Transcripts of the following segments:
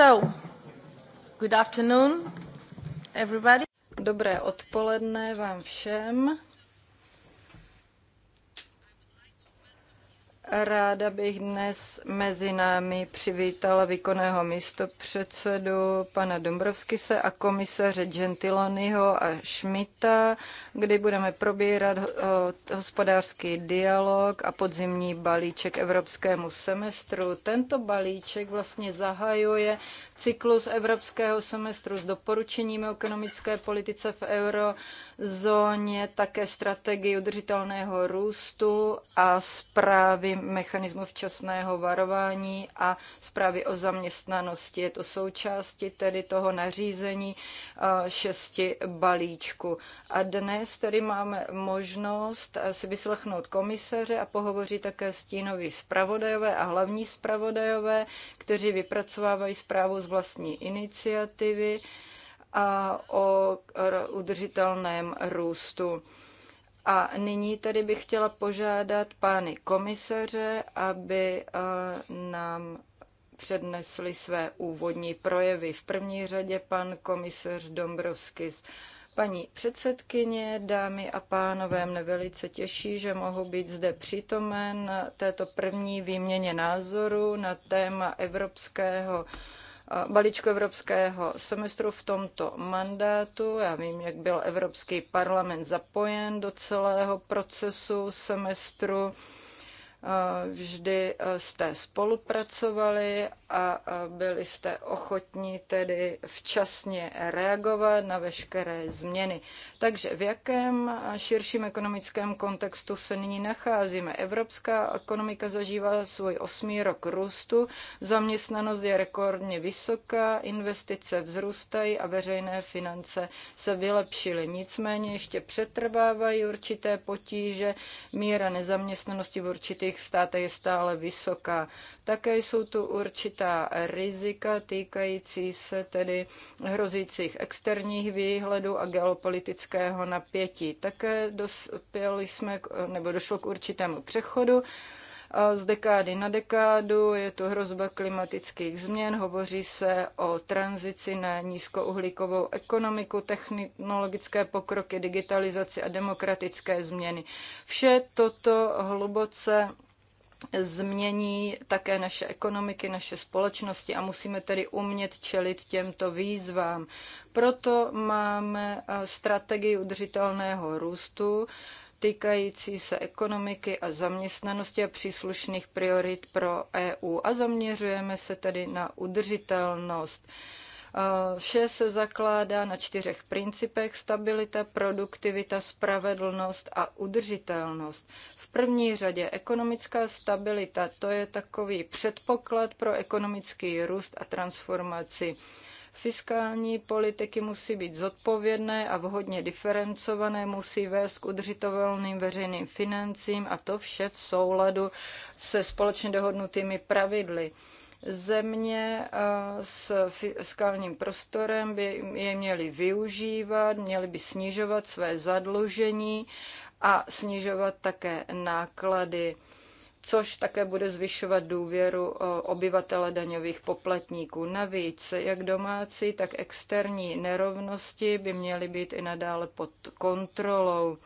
So, good afternoon, everybody. Dobré odpoledne vám všem. Ráda bych dnes mezi námi přivítala výkonného místopředsedu pana Dombrovskise a komisaře Gentiloniho a Šmita, kdy budeme probírat hospodářský dialog a podzimní balíček evropskému semestru. Tento balíček vlastně zahajuje cyklus evropského semestru s doporučením ekonomické politice v euro zóně, také strategii udržitelného růstu a zprávy mechanismu včasného varování a zprávy o zaměstnanosti. Je to součástí tedy toho nařízení eh, šesti balíčku. A dnes tedy máme možnost eh, si vyslechnout komisaře a pohovoří také stínoví zpravodajové a hlavní zpravodajové, kteří vypracovávají zprávu z vlastní iniciativy a o udržitelném růstu. A nyní tady bych chtěla požádat pány komisaře, aby e, nám přednesli své úvodní projevy. V první řadě pan komisař Dombrovskis. Paní předsedkyně, dámy a pánové, mne velice těší, že mohu být zde přítomen na této první výměně názoru na téma evropského balíčku evropského semestru v tomto mandátu. Já vím, jak byl Evropský parlament zapojen do celého procesu semestru. Vždy jste spolupracovali a byli jste ochotní tedy včasně reagovat na veškeré změny. Takže v jakém širším ekonomickém kontextu se nyní nacházíme? Evropská ekonomika zažívá svůj osmý rok růstu, zaměstnanost je rekordně vysoká, investice vzrůstají a veřejné finance se vylepšily. Nicméně ještě přetrvávají určité potíže, míra nezaměstnanosti v určitých státech je stále vysoká. Také jsou tu určité určitá rizika týkající se tedy hrozících externích výhledů a geopolitického napětí. Také dospěli jsme, nebo došlo k určitému přechodu z dekády na dekádu. Je to hrozba klimatických změn, hovoří se o tranzici na nízkouhlíkovou ekonomiku, technologické pokroky, digitalizaci a demokratické změny. Vše toto hluboce změní také naše ekonomiky, naše společnosti a musíme tedy umět čelit těmto výzvám. Proto máme eh, strategii udržitelného růstu týkající se ekonomiky a zaměstnanosti a příslušných priorit pro EU a zaměřujeme se tedy na udržitelnost. Eh, vše se zakládá na čtyřech principech stabilita, produktivita, spravedlnost a udržitelnost. V první řadě ekonomická stabilita to je takový předpoklad pro ekonomický růst a transformaci. Fiskální politiky musí být zodpovědné a vhodně diferencované, musí vést k udržitelným veřejným financím a to vše v souladu se společně dohodnutými pravidly země s fiskálním prostorem by je měly využívat, měly by snižovat své zadlužení a snižovat také náklady což také bude zvyšovat důvěru obyvatele daňových poplatníků. Navíc jak domácí, tak externí nerovnosti by měly být i nadále pod kontrolou.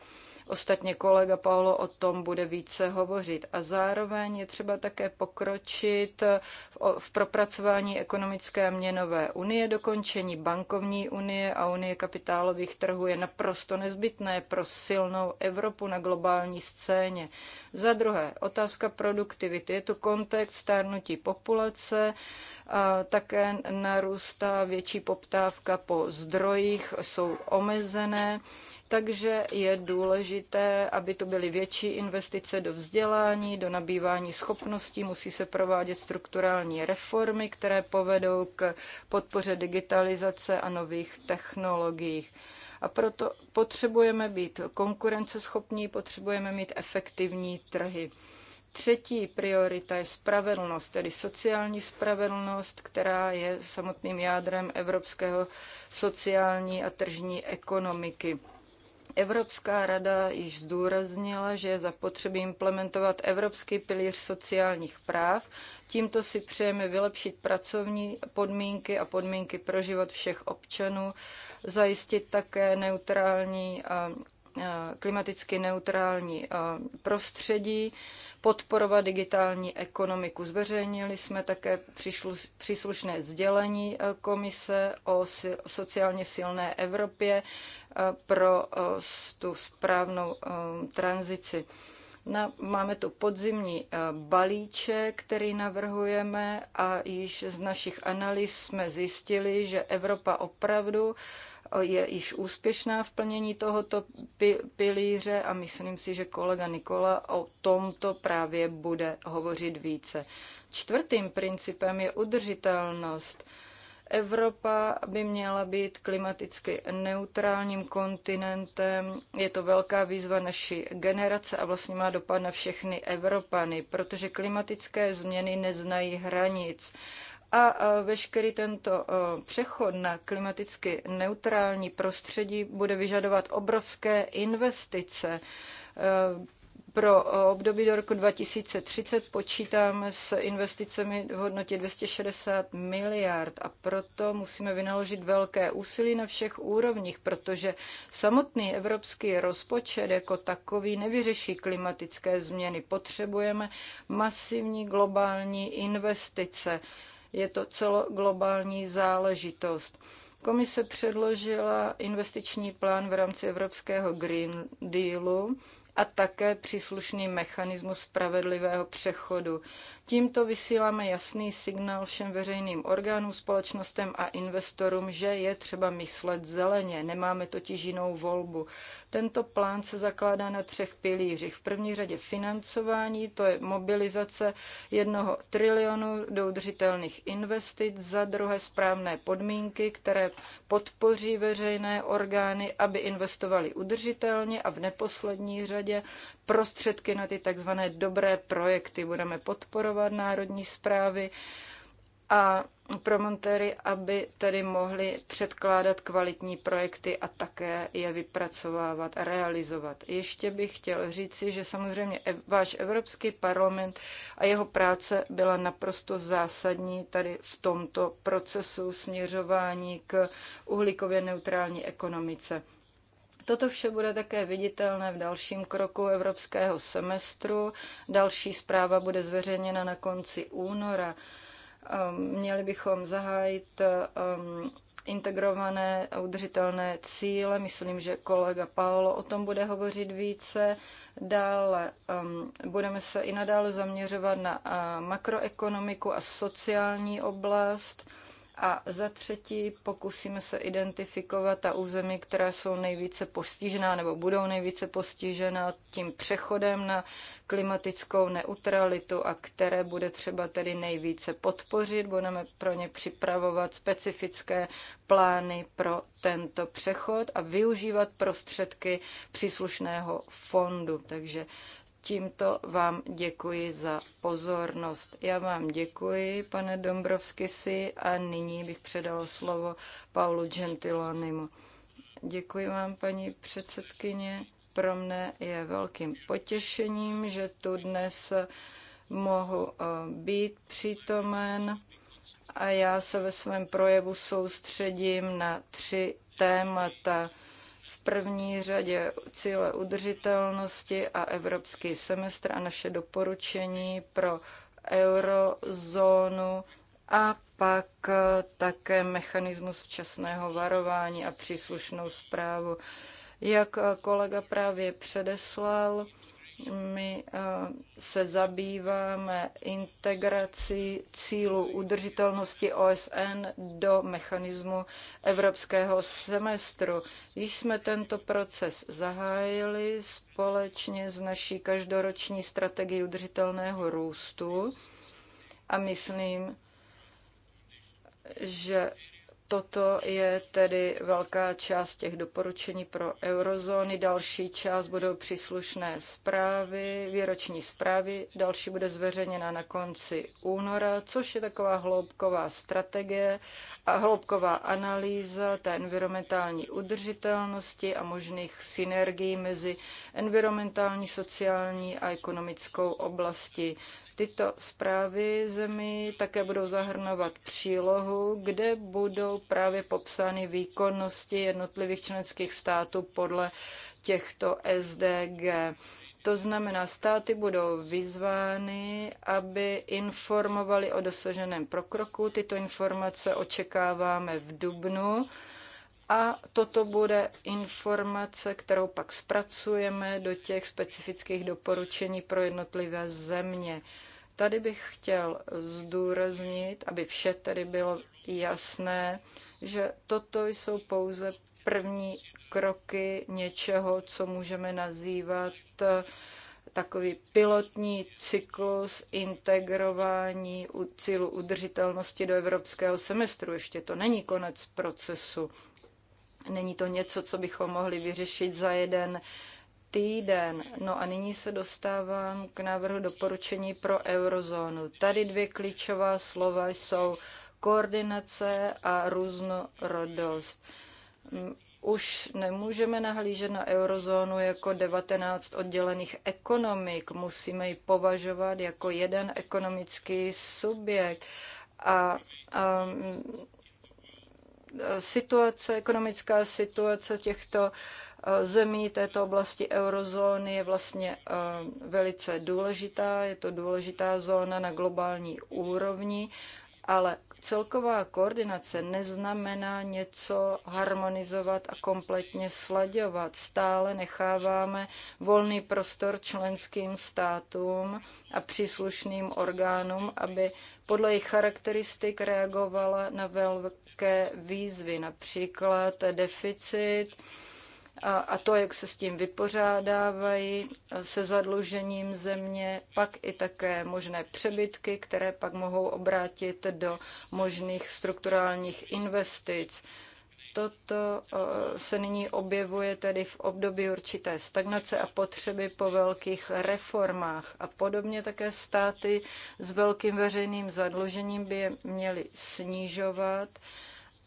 Ostatně kolega Paolo o tom bude více hovořit. A zároveň je třeba také pokročit v, v propracování ekonomické a měnové unie, dokončení bankovní unie a unie kapitálových trhů je naprosto nezbytné pro silnou Evropu na globální scéně. Za druhé, otázka produktivity. Je tu kontext stárnutí populace, a také narůstá větší poptávka po zdrojích, jsou omezené takže je důležité, aby to byly větší investice do vzdělání, do nabývání schopností, musí se provádět strukturální reformy, které povedou k podpoře digitalizace a nových technologií. A proto potřebujeme být konkurenceschopní, potřebujeme mít efektivní trhy. Třetí priorita je spravedlnost, tedy sociální spravedlnost, která je samotným jádrem evropského sociální a tržní ekonomiky. Evropská rada již zdůraznila, že je zapotřebí implementovat Evropský pilíř sociálních práv. Tímto si přejeme vylepšit pracovní podmínky a podmínky pro život všech občanů, zajistit také neutrální a klimaticky neutrální prostředí, podporovat digitální ekonomiku. Zveřejnili jsme také příslušné sdělení komise o sociálně silné Evropě, pro eh, tu správnou eh, tranzici. Na, máme tu podzimní eh, balíček, který navrhujeme a již z našich analýz jsme zjistili, že Evropa opravdu je již úspěšná v plnění tohoto pilíře a myslím si, že kolega Nikola o tomto právě bude hovořit více. Čtvrtým principem je udržitelnost. Evropa by měla být klimaticky neutrálním kontinentem. Je to velká výzva naší generace a vlastně má dopad na všechny Evropany, protože klimatické změny neznají hranic. A veškerý tento přechod na klimaticky neutrální prostředí bude vyžadovat obrovské investice pro eh, období do roku 2030 počítáme s investicemi v hodnotě 260 miliard a proto musíme vynaložit velké úsilí na všech úrovních, protože samotný evropský rozpočet jako takový nevyřeší klimatické změny. Potřebujeme masivní globální investice. Je to celoglobální záležitost. Komise předložila investiční plán v rámci Evropského Green Dealu a také příslušný mechanismus spravedlivého přechodu. Tímto vysíláme jasný signál všem veřejným orgánům, společnostem a investorům, že je třeba myslet zeleně, nemáme totiž jinou volbu. Tento plán se zakládá na třech pilířích. V první řadě financování, to je mobilizace jednoho trilionu do udržitelných investic, za druhé správné podmínky, které podpoří veřejné orgány, aby investovali udržitelně a v neposlední řadě prostředky na ty takzvané dobré projekty. Budeme podporovat národní zprávy a promontéry, aby tedy mohli předkládat kvalitní projekty a také je vypracovávat a realizovat. Ještě bych chtěl říci, že samozřejmě váš Evropský parlament a jeho práce byla naprosto zásadní tady v tomto procesu směřování k uhlíkově neutrální ekonomice. Toto vše bude také viditelné v dalším kroku evropského semestru. Další zpráva bude zveřejněna na konci února. Um, měli bychom zahájit um, integrované a udržitelné cíle. Myslím, že kolega Paolo o tom bude hovořit více. Dále um, budeme se i nadále zaměřovat na uh, makroekonomiku a sociální oblast. A za třetí pokusíme se identifikovat ta území, která jsou nejvíce postižená nebo budou nejvíce postižená tím přechodem na klimatickou neutralitu a které bude třeba tedy nejvíce podpořit. Budeme pro ně připravovat specifické plány pro tento přechod a využívat prostředky příslušného fondu. Takže Tímto vám děkuji za pozornost. Já vám děkuji, pane Dombrovskisi, a nyní bych předalo slovo Paulu Gentilonimu. Děkuji vám, paní předsedkyně. Pro mne je velkým potěšením, že tu dnes mohu eh, být přítomen a já se ve svém projevu soustředím na tři témata – první řadě cíle udržitelnosti a evropský semestr a naše doporučení pro eurozónu a pak eh, také mechanismus včasného varování a příslušnou zprávu. Jak eh, kolega právě předeslal, my eh, se zabýváme integrací cílu udržitelnosti OSN do mechanismu evropského semestru. Již jsme tento proces zahájili společně s naší každoroční strategií udržitelného růstu a myslím, že Toto je tedy velká část těch doporučení pro eurozóny. Další část budou příslušné zprávy, výroční zprávy. Další bude zveřejněna na konci února, což je taková hloubková strategie a hloubková analýza té environmentální udržitelnosti a možných synergií mezi environmentální, sociální a ekonomickou oblasti. Tyto zprávy zemi také budou zahrnovat přílohu, kde budou právě popsány výkonnosti jednotlivých členských států podle těchto SDG. To znamená, státy budou vyzvány, aby informovali o dosaženém pokroku. Tyto informace očekáváme v dubnu a toto bude informace, kterou pak zpracujeme do těch specifických doporučení pro jednotlivé země. Tady bych chtěl zdůraznit, aby vše tedy bylo jasné, že toto jsou pouze první kroky něčeho, co můžeme nazývat eh, takový pilotní cyklus integrování cílu udržitelnosti do evropského semestru. Ještě to není konec procesu. Není to něco, co bychom mohli vyřešit za jeden týden. No a nyní se dostávám k návrhu doporučení pro eurozónu. Tady dvě klíčová slova jsou koordinace a různorodost. Už nemůžeme nahlížet na eurozónu jako 19 oddělených ekonomik. Musíme ji považovat jako jeden ekonomický subjekt. A, a situace, ekonomická situace těchto eh, zemí této oblasti eurozóny je vlastně eh, velice důležitá. Je to důležitá zóna na globální úrovni, ale celková koordinace neznamená něco harmonizovat a kompletně slaďovat. Stále necháváme volný prostor členským státům a příslušným orgánům, aby podle jejich charakteristik reagovala na velké velké výzvy, například deficit a, a to, jak se s tím vypořádávají, se zadlužením země, pak i také možné přebytky, které pak mohou obrátit do možných strukturálních investic toto eh, se nyní objevuje tedy v období určité stagnace a potřeby po velkých reformách. A podobně také státy s velkým veřejným zadlužením by je měly snižovat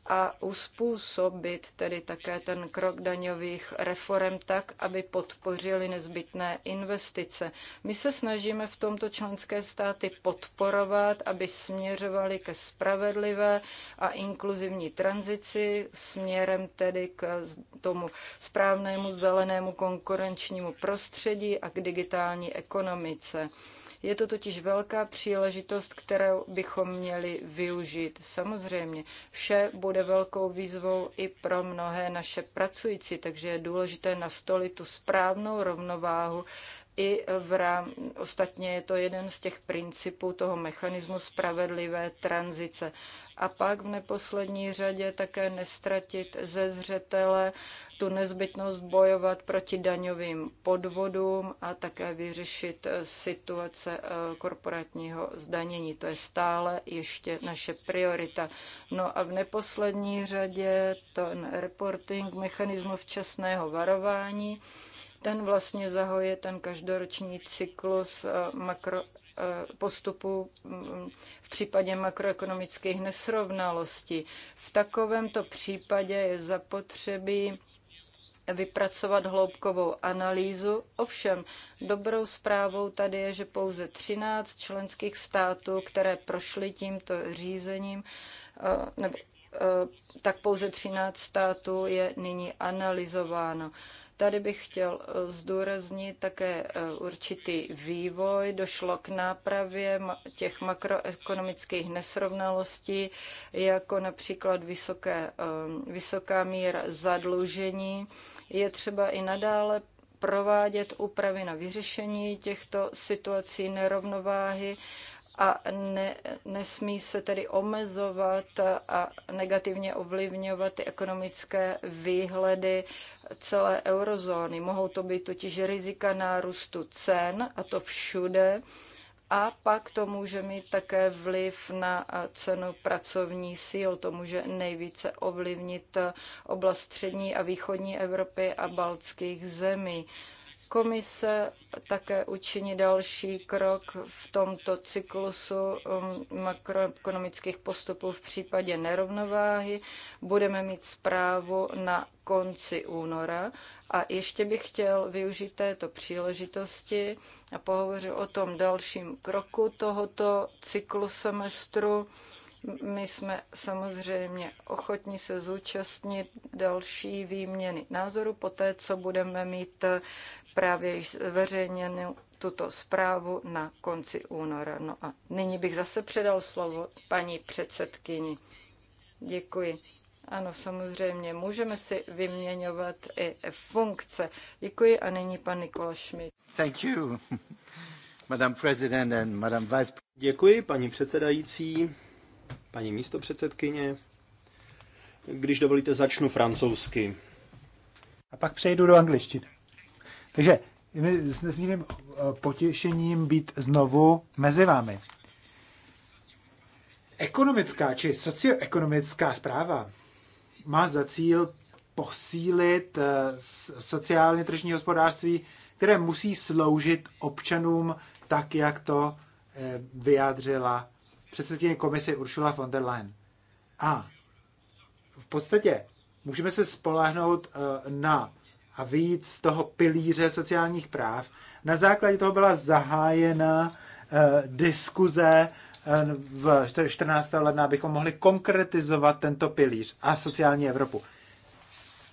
a uspůsobit tedy také ten krok daňových reform tak, aby podpořili nezbytné investice. My se snažíme v tomto členské státy podporovat, aby směřovali ke spravedlivé a inkluzivní tranzici směrem tedy k tomu správnému zelenému konkurenčnímu prostředí a k digitální ekonomice. Je to totiž velká příležitost, kterou bychom měli využít. Samozřejmě vše bude velkou výzvou i pro mnohé naše pracující, takže je důležité nastolit tu správnou rovnováhu i v rám, ostatně je to jeden z těch principů toho mechanismu spravedlivé tranzice. A pak v neposlední řadě také nestratit ze zřetele tu nezbytnost bojovat proti daňovým podvodům a také vyřešit eh, situace eh, korporátního zdanění. To je stále ještě naše priorita. No a v neposlední řadě ten reporting mechanismu včasného varování ten vlastně zahoje ten každoroční cyklus eh, makro, eh, postupu mm, v případě makroekonomických nesrovnalostí. V takovémto případě je zapotřebí vypracovat hloubkovou analýzu. Ovšem, dobrou zprávou tady je, že pouze 13 členských států, které prošly tímto řízením, eh, nebo tak pouze 13 států je nyní analyzováno. Tady bych chtěl eh, zdůraznit také eh, určitý vývoj. Došlo k nápravě těch makroekonomických nesrovnalostí, jako například vysoké, eh, vysoká míra zadlužení. Je třeba i nadále provádět úpravy na vyřešení těchto situací nerovnováhy a ne, nesmí se tedy omezovat a negativně ovlivňovat ty ekonomické výhledy celé eurozóny. Mohou to být totiž rizika nárůstu cen a to všude. A pak to může mít také vliv na cenu pracovní síl. To může nejvíce ovlivnit oblast střední a východní Evropy a baltských zemí. Komise také učiní další krok v tomto cyklusu um, makroekonomických postupů v případě nerovnováhy. Budeme mít zprávu na konci února. A ještě bych chtěl využít této příležitosti a pohovořit o tom dalším kroku tohoto cyklu semestru. My jsme samozřejmě ochotni se zúčastnit další výměny názoru po té, co budeme mít právě již zveřejněnou tuto zprávu na konci února. No a nyní bych zase předal slovo paní předsedkyni. Děkuji. Ano, samozřejmě, můžeme si vyměňovat i funkce. Děkuji a nyní pan Nikola Schmidt. Thank you, Madam President and Madam Vice Děkuji, paní předsedající, paní místopředsedkyně. Když dovolíte, začnu francouzsky. A pak přejdu do angličtiny. Takže s nesmírným eh, potěšením být znovu mezi vámi. Ekonomická či socioekonomická zpráva má za cíl posílit eh, sociálně tržní hospodářství, které musí sloužit občanům tak, jak to eh, vyjádřila předsedkyně komise Ursula von der Leyen. A v podstatě můžeme se spolehnout na a víc z toho pilíře sociálních práv. Na základě toho byla zahájena eh, diskuze eh, v 14. ledna, abychom mohli konkretizovat tento pilíř a sociální Evropu.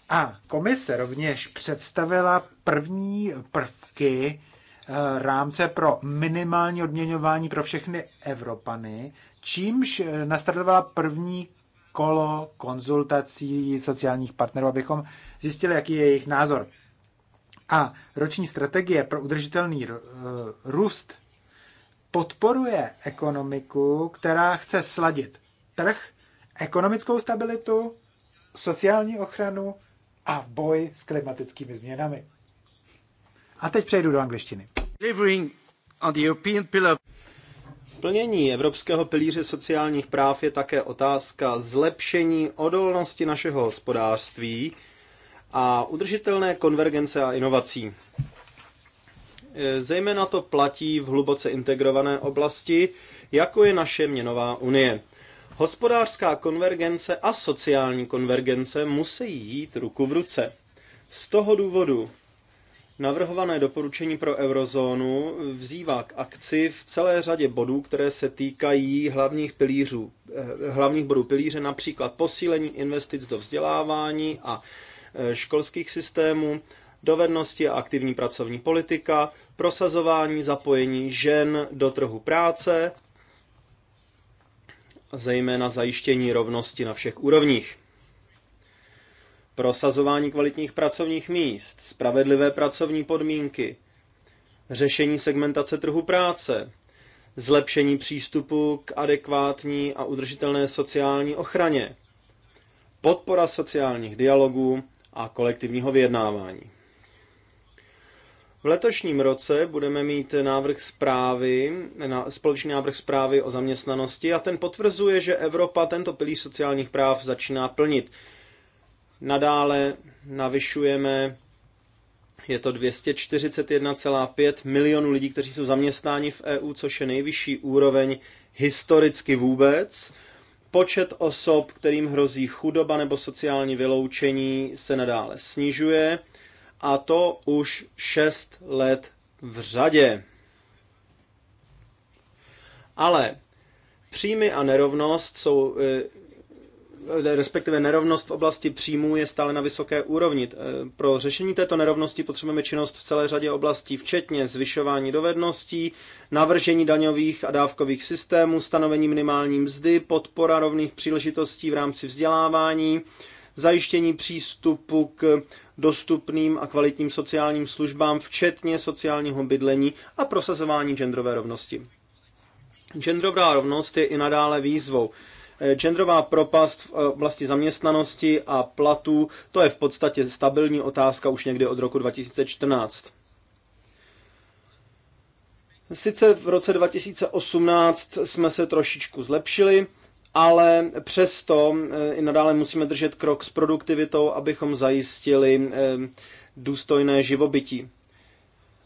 A komise rovněž představila první prvky eh, rámce pro minimální odměňování pro všechny Evropany, čímž eh, nastartovala první kolo konzultací sociálních partnerů, abychom zjistili, jaký je jejich názor. A roční strategie pro udržitelný eh, růst podporuje ekonomiku, která chce sladit trh, ekonomickou stabilitu, sociální ochranu a boj s klimatickými změnami. A teď přejdu do angličtiny. on the European pillar Plnění Evropského pilíře sociálních práv je také otázka zlepšení odolnosti našeho hospodářství a udržitelné konvergence a inovací. E, zejména to platí v hluboce integrované oblasti, jako je naše měnová unie. Hospodářská konvergence a sociální konvergence musí jít ruku v ruce. Z toho důvodu Navrhované doporučení pro eurozónu vzývá k akci v celé řadě bodů, které se týkají hlavních, pilířů, eh, hlavních bodů pilíře, například posílení investic do vzdělávání a eh, školských systémů, dovednosti a aktivní pracovní politika, prosazování zapojení žen do trhu práce, zejména zajištění rovnosti na všech úrovních prosazování kvalitních pracovních míst, spravedlivé pracovní podmínky, řešení segmentace trhu práce, zlepšení přístupu k adekvátní a udržitelné sociální ochraně, podpora sociálních dialogů a kolektivního vyjednávání. V letošním roce budeme mít návrh zprávy, na, společný návrh zprávy o zaměstnanosti a ten potvrzuje, že Evropa tento pilíř sociálních práv začíná plnit nadále navyšujeme, je to 241,5 milionů lidí, kteří jsou zaměstnáni v EU, což je nejvyšší úroveň historicky vůbec. Počet osob, kterým hrozí chudoba nebo sociální vyloučení, se nadále snižuje a to už 6 let v řadě. Ale příjmy a nerovnost jsou eh, respektive nerovnost v oblasti příjmů je stále na vysoké úrovni. E, pro řešení této nerovnosti potřebujeme činnost v celé řadě oblastí, včetně zvyšování dovedností, navržení daňových a dávkových systémů, stanovení minimální mzdy, podpora rovných příležitostí v rámci vzdělávání, zajištění přístupu k dostupným a kvalitním sociálním službám, včetně sociálního bydlení a prosazování genderové rovnosti. Genderová rovnost je i nadále výzvou. Eh, genderová propast v eh, oblasti zaměstnanosti a platů, to je v podstatě stabilní otázka už někdy od roku 2014. Sice v roce 2018 jsme se trošičku zlepšili, ale přesto eh, i nadále musíme držet krok s produktivitou, abychom zajistili důstojné živobytí.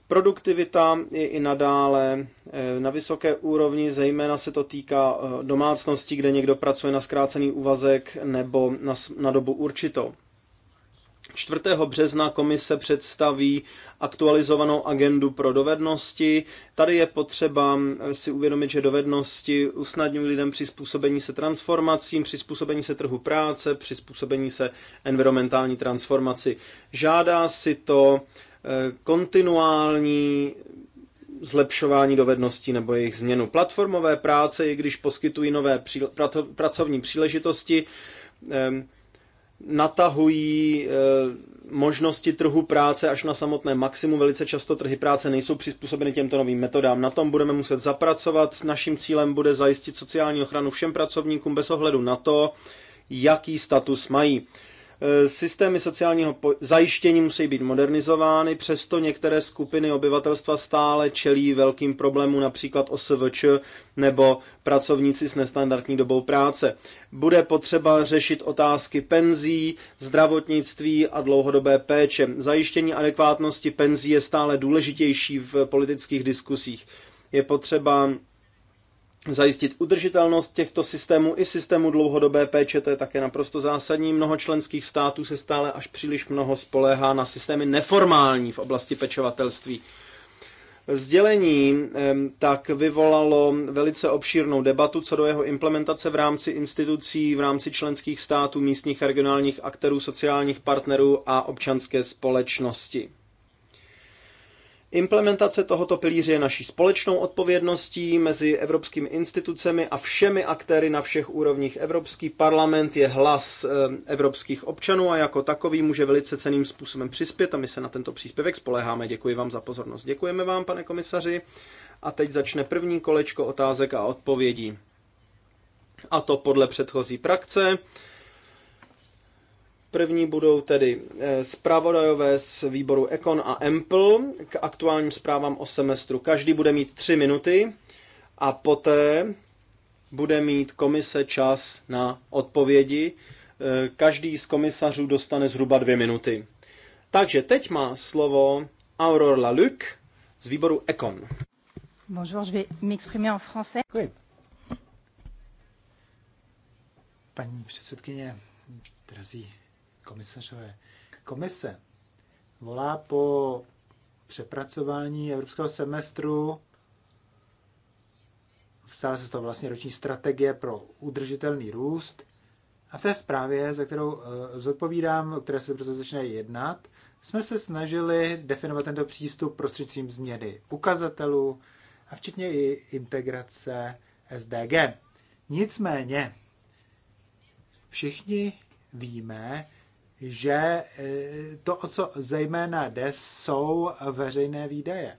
Produktivita je i nadále eh, na vysoké úrovni, zejména se to týká eh, domácností, kde někdo pracuje na zkrácený úvazek nebo na, na dobu určitou. 4. března komise představí aktualizovanou agendu pro dovednosti. Tady je potřeba eh, si uvědomit, že dovednosti usnadňují lidem přizpůsobení se transformacím, přizpůsobení se trhu práce, přizpůsobení se environmentální transformaci. Žádá si to kontinuální zlepšování dovedností nebo jejich změnu. Platformové práce, i když poskytují nové pracovní příležitosti, natahují eh, možnosti trhu práce až na samotné maximum. Velice často trhy práce nejsou přizpůsobeny těmto novým metodám. Na tom budeme muset zapracovat. Naším cílem bude zajistit sociální ochranu všem pracovníkům bez ohledu na to, jaký status mají. Eh, systémy sociálního zajištění musí být modernizovány, přesto některé skupiny obyvatelstva stále čelí velkým problémům, například OSVČ nebo pracovníci s nestandardní dobou práce. Bude potřeba řešit otázky penzí, zdravotnictví a dlouhodobé péče. Zajištění adekvátnosti penzí je stále důležitější v politických diskusích. Je potřeba zajistit udržitelnost těchto systémů i systému dlouhodobé péče, to je také naprosto zásadní. Mnoho členských států se stále až příliš mnoho spoléhá na systémy neformální v oblasti pečovatelství. Sdělení tak vyvolalo velice obšírnou debatu co do jeho implementace v rámci institucí, v rámci členských států, místních a regionálních aktérů, sociálních partnerů a občanské společnosti. Implementace tohoto pilíře je naší společnou odpovědností mezi evropskými institucemi a všemi aktéry na všech úrovních. Evropský parlament je hlas eh, evropských občanů a jako takový může velice ceným způsobem přispět a my se na tento příspěvek spoleháme. Děkuji vám za pozornost. Děkujeme vám, pane komisaři. A teď začne první kolečko otázek a odpovědí. A to podle předchozí praxe. První budou tedy eh, zpravodajové z výboru Econ a Empl k aktuálním zprávám o semestru. Každý bude mít tři minuty a poté bude mít komise čas na odpovědi. Eh, každý z komisařů dostane zhruba dvě minuty. Takže teď má slovo Aurore Laluc z výboru Econ. Bonjour, je vais m'exprimer en français. Oui. Paní předsedkyně, drazí komisařové. Komise volá po přepracování evropského semestru. Stále se to vlastně roční strategie pro udržitelný růst. A v té zprávě, za kterou eh, zodpovídám, o které se brzo začne jednat, jsme se snažili definovat tento přístup prostřednictvím změny ukazatelů a včetně i integrace SDG. Nicméně, všichni víme, že eh, to, o co zejména jde, jsou veřejné výdaje.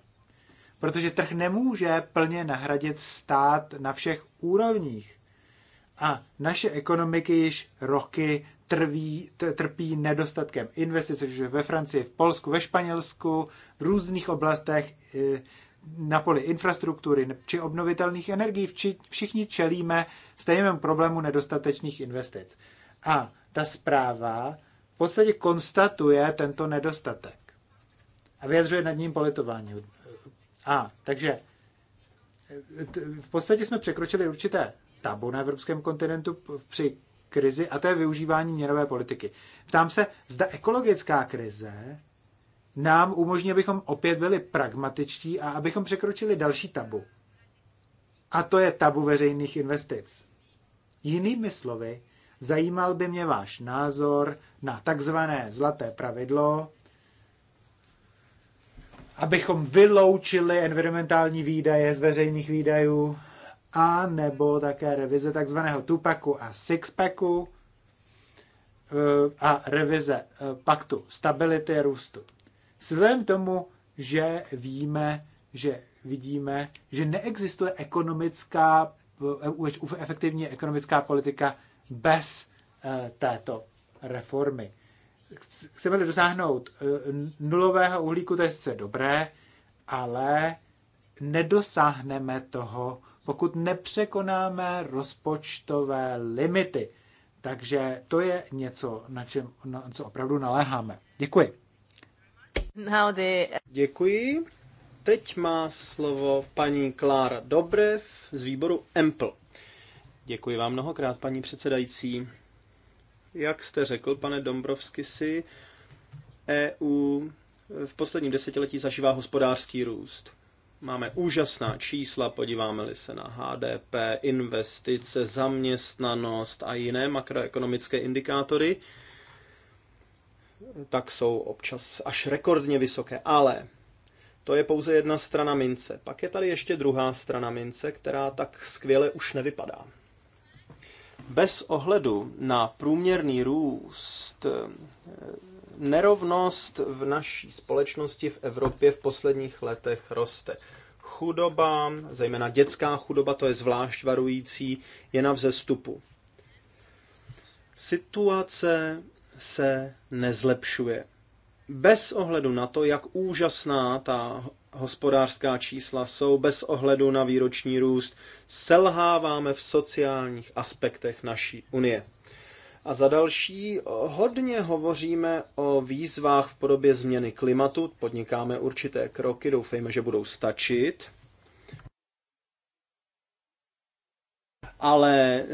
Protože trh nemůže plně nahradit stát na všech úrovních. A naše ekonomiky již roky trví, trpí nedostatkem investic, což ve Francii, v Polsku, ve Španělsku, v různých oblastech eh, na poli infrastruktury či obnovitelných energií. Všichni čelíme stejnému problému nedostatečných investic. A ta zpráva podstatě konstatuje tento nedostatek a vyjadřuje nad ním politování. A, takže v podstatě jsme překročili určité tabu na evropském kontinentu při krizi a to je využívání měnové politiky. Ptám se, zda ekologická krize nám umožní, abychom opět byli pragmatičtí a abychom překročili další tabu. A to je tabu veřejných investic. Jinými slovy, Zajímal by mě váš názor na takzvané zlaté pravidlo, abychom vyloučili environmentální výdaje z veřejných výdajů a nebo také revize takzvaného tupaku a sixpacku eh, a revize eh, paktu stability a růstu. Vzhledem tomu, že víme, že vidíme, že neexistuje ekonomická, eh, efektivní ekonomická politika bez eh, této reformy. Chceme-li dosáhnout eh, nulového uhlíku, to je sice dobré, ale nedosáhneme toho, pokud nepřekonáme rozpočtové limity. Takže to je něco, na, čem, na co opravdu naléháme. Děkuji. Děkuji. Teď má slovo paní Klára Dobrev z výboru EMPL. Děkuji vám mnohokrát, paní předsedající. Jak jste řekl, pane Dombrovsky, si EU v posledním desetiletí zažívá hospodářský růst. Máme úžasná čísla, podíváme-li se na HDP, investice, zaměstnanost a jiné makroekonomické indikátory, tak jsou občas až rekordně vysoké. Ale to je pouze jedna strana mince. Pak je tady ještě druhá strana mince, která tak skvěle už nevypadá bez ohledu na průměrný růst eh, nerovnost v naší společnosti v Evropě v posledních letech roste. Chudoba, zejména dětská chudoba, to je zvlášť varující, je na vzestupu. Situace se nezlepšuje. Bez ohledu na to, jak úžasná ta hospodářská čísla jsou bez ohledu na výroční růst. Selháváme v sociálních aspektech naší unie. A za další, hodně hovoříme o výzvách v podobě změny klimatu, podnikáme určité kroky, doufejme, že budou stačit. Ale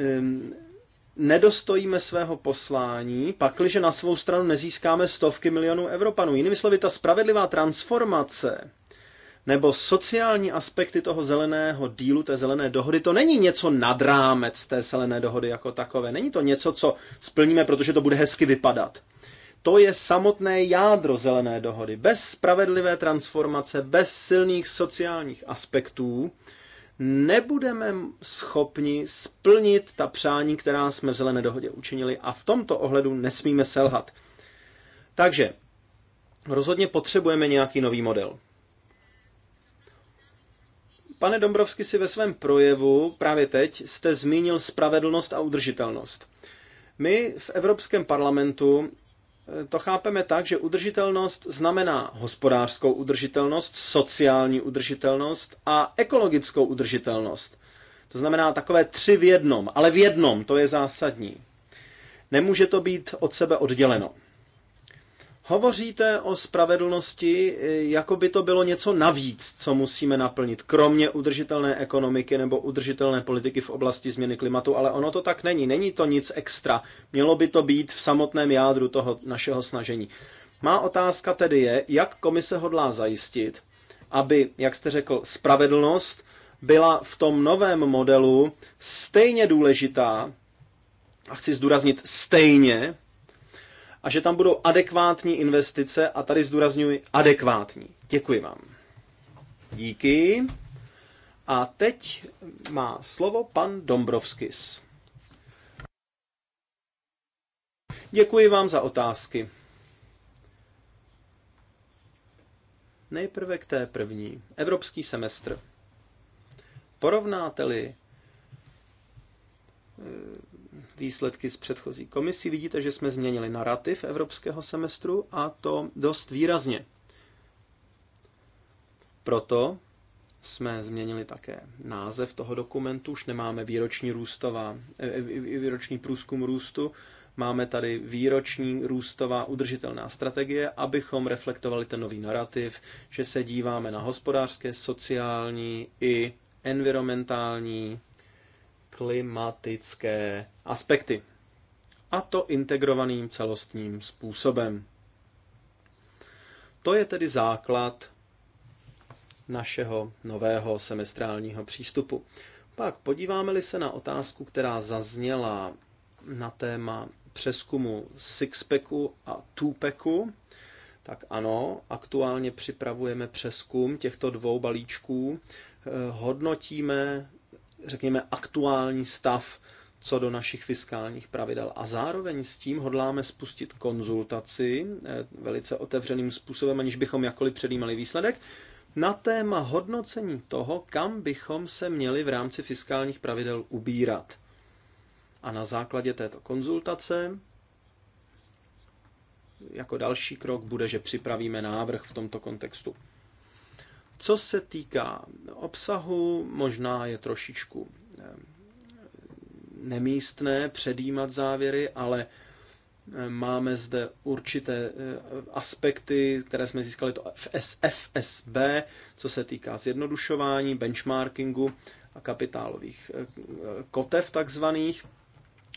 nedostojíme svého poslání, pakliže na svou stranu nezískáme stovky milionů Evropanů. Jinými slovy, ta spravedlivá transformace nebo sociální aspekty toho zeleného dílu, té zelené dohody, to není něco nad rámec té zelené dohody jako takové. Není to něco, co splníme, protože to bude hezky vypadat. To je samotné jádro zelené dohody. Bez spravedlivé transformace, bez silných sociálních aspektů, nebudeme schopni splnit ta přání, která jsme v zelené dohodě učinili a v tomto ohledu nesmíme selhat. Takže rozhodně potřebujeme nějaký nový model. Pane Dombrovsky, si ve svém projevu právě teď jste zmínil spravedlnost a udržitelnost. My v Evropském parlamentu eh, to chápeme tak, že udržitelnost znamená hospodářskou udržitelnost, sociální udržitelnost a ekologickou udržitelnost. To znamená takové tři v jednom, ale v jednom, to je zásadní. Nemůže to být od sebe odděleno. Hovoříte o spravedlnosti, eh, jako by to bylo něco navíc, co musíme naplnit, kromě udržitelné ekonomiky nebo udržitelné politiky v oblasti změny klimatu, ale ono to tak není. Není to nic extra. Mělo by to být v samotném jádru toho našeho snažení. Má otázka tedy je, jak komise hodlá zajistit, aby, jak jste řekl, spravedlnost byla v tom novém modelu stejně důležitá, a chci zdůraznit stejně, a že tam budou adekvátní investice a tady zdůrazňuji adekvátní. Děkuji vám. Díky. A teď má slovo pan Dombrovskis. Děkuji vám za otázky. Nejprve k té první. Evropský semestr. Porovnáte-li výsledky z předchozí komisí. Vidíte, že jsme změnili narrativ evropského semestru a to dost výrazně. Proto jsme změnili také název toho dokumentu, už nemáme výroční růstová, eh, eh, výroční průzkum růstu, máme tady výroční růstová udržitelná strategie, abychom reflektovali ten nový narrativ, že se díváme na hospodářské, sociální i environmentální klimatické aspekty. A to integrovaným celostním způsobem. To je tedy základ našeho nového semestrálního přístupu. Pak podíváme-li se na otázku, která zazněla na téma přeskumu Sixpacku a Twopacku, tak ano, aktuálně připravujeme přeskum těchto dvou balíčků, eh, hodnotíme řekněme, aktuální stav co do našich fiskálních pravidel. A zároveň s tím hodláme spustit konzultaci eh, velice otevřeným způsobem, aniž bychom jakkoliv předjímali výsledek, na téma hodnocení toho, kam bychom se měli v rámci fiskálních pravidel ubírat. A na základě této konzultace jako další krok bude, že připravíme návrh v tomto kontextu. Co se týká obsahu, možná je trošičku eh, nemístné předjímat závěry, ale eh, máme zde určité eh, aspekty, které jsme získali to SFSB, co se týká zjednodušování, benchmarkingu a kapitálových kotev takzvaných.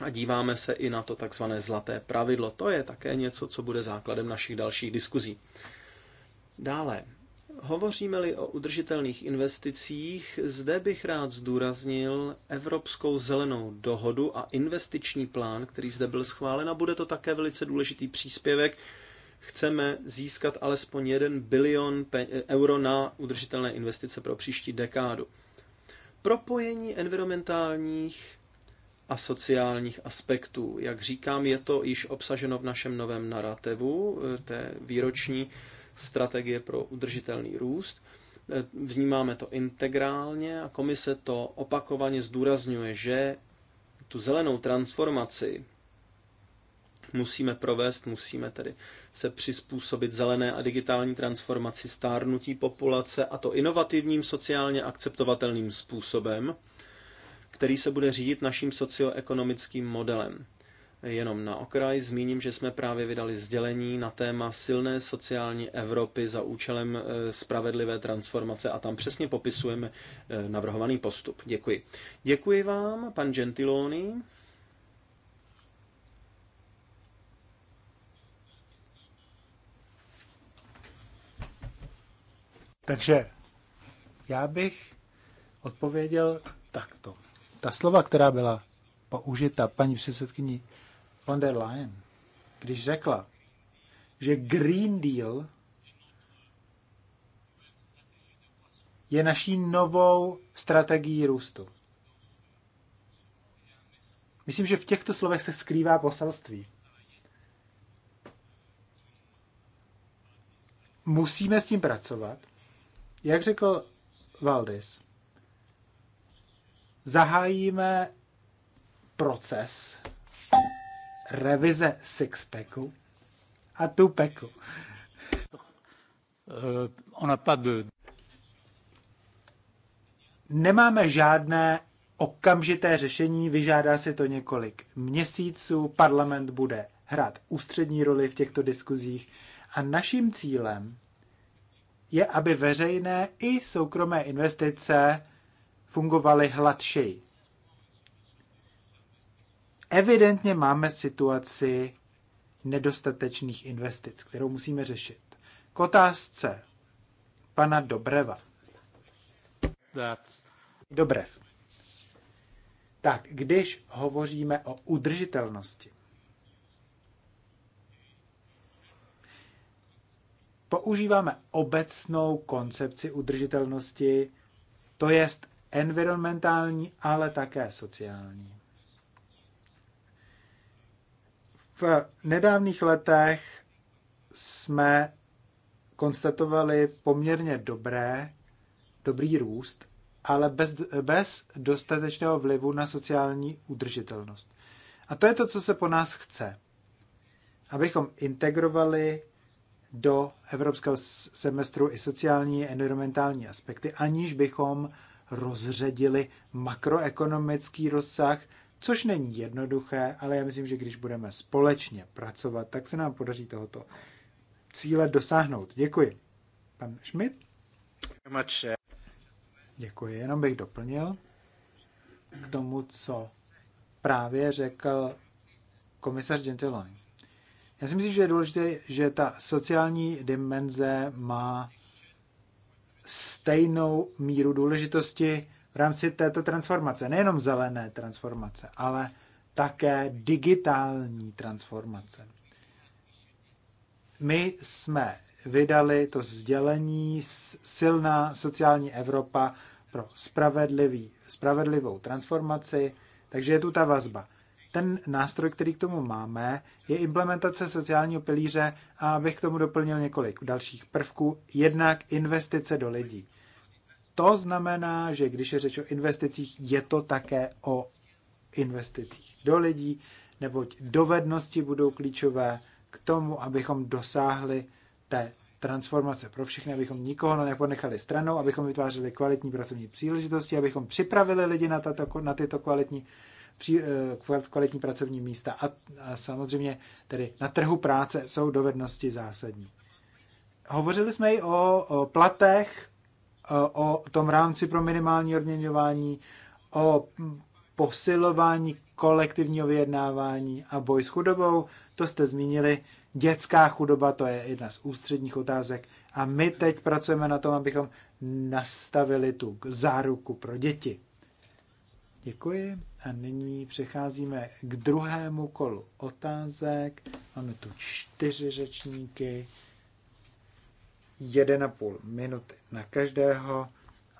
A díváme se i na to takzvané zlaté pravidlo. To je také něco, co bude základem našich dalších diskuzí. Dále, Hovoříme-li o udržitelných investicích, zde bych rád zdůraznil Evropskou zelenou dohodu a investiční plán, který zde byl schválen a bude to také velice důležitý příspěvek. Chceme získat alespoň 1 bilion euro na udržitelné investice pro příští dekádu. Propojení environmentálních a sociálních aspektů. Jak říkám, je to již obsaženo v našem novém narrativu, eh, té výroční strategie pro udržitelný růst. Vnímáme to integrálně a komise to opakovaně zdůrazňuje, že tu zelenou transformaci musíme provést, musíme tedy se přizpůsobit zelené a digitální transformaci stárnutí populace a to inovativním sociálně akceptovatelným způsobem, který se bude řídit naším socioekonomickým modelem. Jenom na okraj zmíním, že jsme právě vydali sdělení na téma silné sociální Evropy za účelem eh, spravedlivé transformace a tam přesně popisujeme eh, navrhovaný postup. Děkuji. Děkuji vám, pan Gentiloni. Takže já bych odpověděl takto. Ta slova, která byla použita paní předsedkyní von der Leyen, když řekla, že Green Deal je naší novou strategií růstu. Myslím, že v těchto slovech se skrývá poselství. Musíme s tím pracovat. Jak řekl Valdis, zahájíme proces revize Sixpacku a Tupeku. Eh, Nemáme žádné okamžité řešení, vyžádá si to několik měsíců, parlament bude hrát ústřední roli v těchto diskuzích a naším cílem je, aby veřejné i soukromé investice fungovaly hladšeji. Evidentně máme situaci nedostatečných investic, kterou musíme řešit. K otázce pana Dobreva. That's... Dobrev. Tak, když hovoříme o udržitelnosti, používáme obecnou koncepci udržitelnosti, to jest environmentální, ale také sociální. V nedávných letech jsme konstatovali poměrně dobré, dobrý růst, ale bez, bez dostatečného vlivu na sociální udržitelnost. A to je to, co se po nás chce. Abychom integrovali do evropského semestru i sociální a environmentální aspekty, aniž bychom rozředili makroekonomický rozsah což není jednoduché, ale já myslím, že když budeme společně pracovat, tak se nám podaří tohoto cíle dosáhnout. Děkuji. Pan Schmidt? Děkuji, jenom bych doplnil k tomu, co právě řekl komisař Gentiloni. Já si myslím, že je důležité, že ta sociální dimenze má stejnou míru důležitosti v rámci této transformace. Nejenom zelené transformace, ale také digitální transformace. My jsme vydali to sdělení Silná sociální Evropa pro spravedlivý, spravedlivou transformaci, takže je tu ta vazba. Ten nástroj, který k tomu máme, je implementace sociálního pilíře a abych k tomu doplnil několik dalších prvků. Jednak investice do lidí. To znamená, že když je řeč o investicích, je to také o investicích do lidí, neboť dovednosti budou klíčové k tomu, abychom dosáhli té transformace pro všechny, abychom nikoho neponechali stranou, abychom vytvářeli kvalitní pracovní příležitosti, abychom připravili lidi na, tato, na tyto kvalitní, pří, eh, kvalitní pracovní místa. A, a samozřejmě tedy na trhu práce jsou dovednosti zásadní. Hovořili jsme i o, o platech o tom rámci pro minimální odměňování, o posilování kolektivního vyjednávání a boj s chudobou, to jste zmínili. Dětská chudoba, to je jedna z ústředních otázek. A my teď pracujeme na tom, abychom nastavili tu záruku pro děti. Děkuji. A nyní přecházíme k druhému kolu otázek. Máme tu čtyři řečníky. 1,5 minuty na každého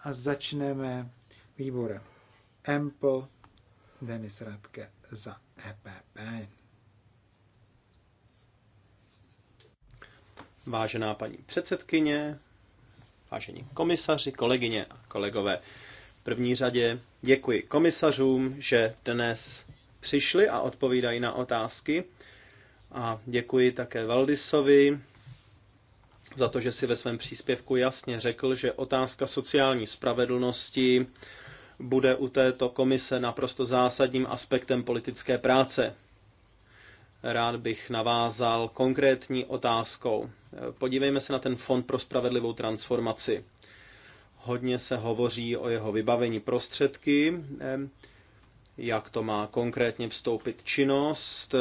a začneme výborem Ample Denis Radke za EPP. Vážená paní předsedkyně, vážení komisaři, kolegyně a kolegové, v první řadě děkuji komisařům, že dnes přišli a odpovídají na otázky. A děkuji také Valdisovi za to, že si ve svém příspěvku jasně řekl, že otázka sociální spravedlnosti bude u této komise naprosto zásadním aspektem politické práce. Rád bych navázal konkrétní otázkou. Podívejme se na ten Fond pro spravedlivou transformaci. Hodně se hovoří o jeho vybavení prostředky jak to má konkrétně vstoupit činnost.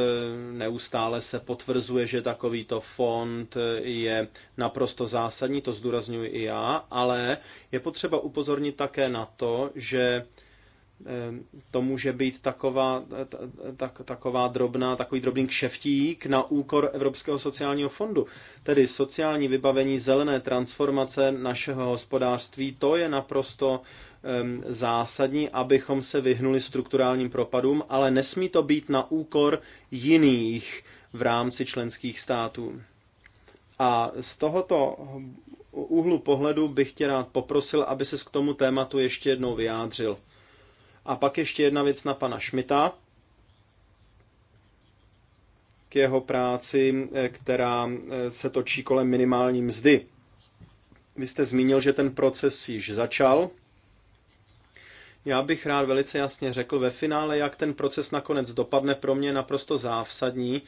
Neustále se potvrzuje, že takovýto fond je naprosto zásadní, to zdůrazňuji i já, ale je potřeba upozornit také na to, že eh, to může být taková, tak, taková drobná, takový drobný kšeftík na úkor Evropského sociálního fondu. Tedy sociální vybavení zelené transformace našeho hospodářství, to je naprosto zásadní, abychom se vyhnuli strukturálním propadům, ale nesmí to být na úkor jiných v rámci členských států. A z tohoto úhlu pohledu bych tě rád poprosil, aby ses k tomu tématu ještě jednou vyjádřil. A pak ještě jedna věc na pana Šmita k jeho práci, eh, která eh, se točí kolem minimální mzdy. Vy jste zmínil, že ten proces již začal, já bych rád velice jasně řekl ve finále, jak ten proces nakonec dopadne pro mě naprosto zásadní,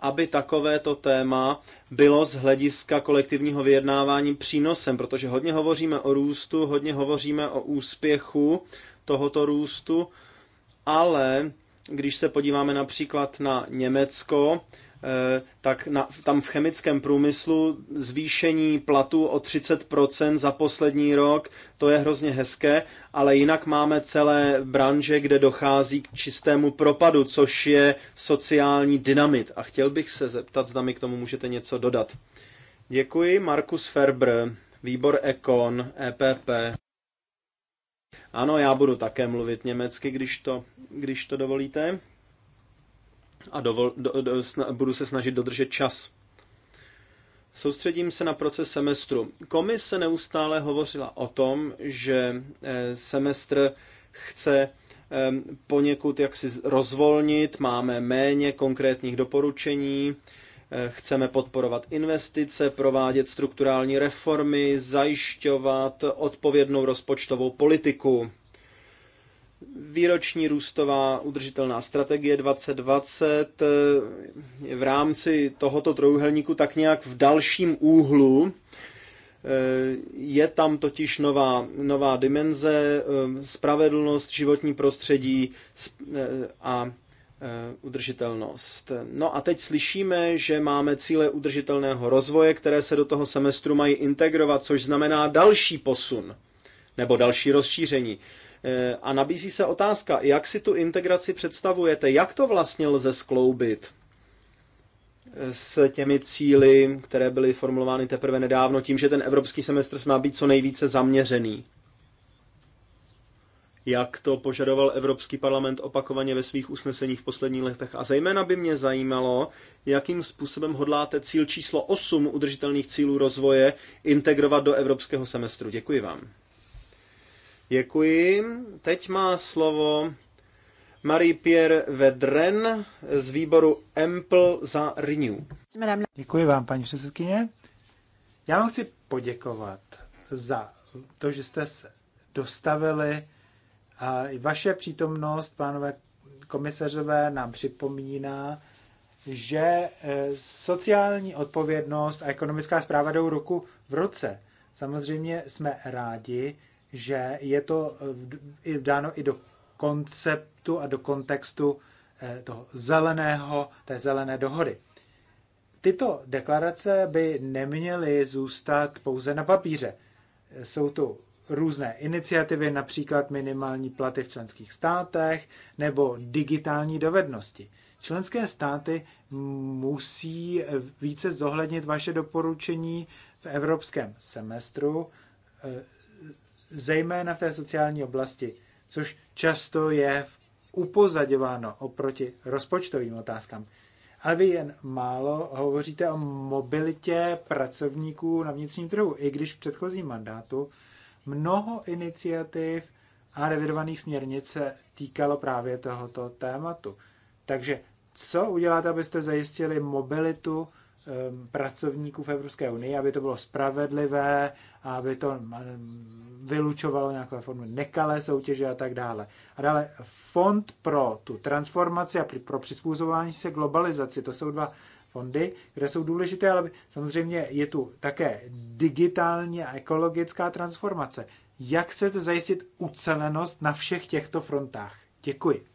aby takovéto téma bylo z hlediska kolektivního vyjednávání přínosem, protože hodně hovoříme o růstu, hodně hovoříme o úspěchu tohoto růstu, ale když se podíváme například na Německo, Eh, tak na, tam v chemickém průmyslu zvýšení platu o 30% za poslední rok, to je hrozně hezké, ale jinak máme celé branže, kde dochází k čistému propadu, což je sociální dynamit. A chtěl bych se zeptat, zda mi k tomu můžete něco dodat. Děkuji, Markus Ferber, výbor ECON EPP. Ano, já budu také mluvit německy, když to, když to dovolíte a dovol, do, do, sna, budu se snažit dodržet čas. Soustředím se na proces semestru. Komise neustále hovořila o tom, že eh, semestr chce eh, poněkud jaksi rozvolnit, máme méně konkrétních doporučení, eh, chceme podporovat investice, provádět strukturální reformy, zajišťovat odpovědnou rozpočtovou politiku. Výroční růstová udržitelná strategie 2020 je eh, v rámci tohoto trojuhelníku tak nějak v dalším úhlu. Eh, je tam totiž nová, nová dimenze, eh, spravedlnost, životní prostředí a udržitelnost. No a teď slyšíme, že máme cíle udržitelného rozvoje, které se do toho semestru mají integrovat, což znamená další posun nebo další rozšíření. Eh, a nabízí se otázka, jak si tu integraci představujete, jak to vlastně lze skloubit eh, s těmi cíly, které byly formulovány teprve nedávno, tím, že ten evropský semestr má být co nejvíce zaměřený. Jak to požadoval Evropský parlament opakovaně ve svých usneseních v posledních letech. A zejména by mě zajímalo, jakým způsobem hodláte cíl číslo 8 udržitelných cílů rozvoje integrovat do evropského semestru. Děkuji vám. Děkuji. Teď má slovo Marie-Pierre Vedren z výboru EMPL za Renew. Děkuji vám, paní předsedkyně. Já vám chci poděkovat za to, že jste se dostavili a i vaše přítomnost, pánové komisařové, nám připomíná, že eh, sociální odpovědnost a ekonomická zpráva jdou ruku v ruce. Samozřejmě jsme rádi, že je to eh, dáno i do konceptu a do kontextu eh, toho zeleného, té zelené dohody. Tyto deklarace by neměly zůstat pouze na papíře. Jsou tu různé iniciativy, například minimální platy v členských státech nebo digitální dovednosti. Členské státy musí eh, více zohlednit vaše doporučení v evropském semestru, zejména v té sociální oblasti, což často je upozaděváno oproti rozpočtovým otázkám. Ale vy jen málo hovoříte o mobilitě pracovníků na vnitřním trhu, i když v předchozím mandátu mnoho iniciativ a revidovaných směrnic se týkalo právě tohoto tématu. Takže co uděláte, abyste zajistili mobilitu Um, pracovníků v Evropské unii, aby to bylo spravedlivé, aby to um, vylučovalo nějakou formu nekalé soutěže a tak dále. A dále fond pro tu transformaci a pro přizpůsobování se globalizaci, to jsou dva fondy, které jsou důležité, ale samozřejmě je tu také digitální a ekologická transformace. Jak chcete zajistit ucelenost na všech těchto frontách? Děkuji.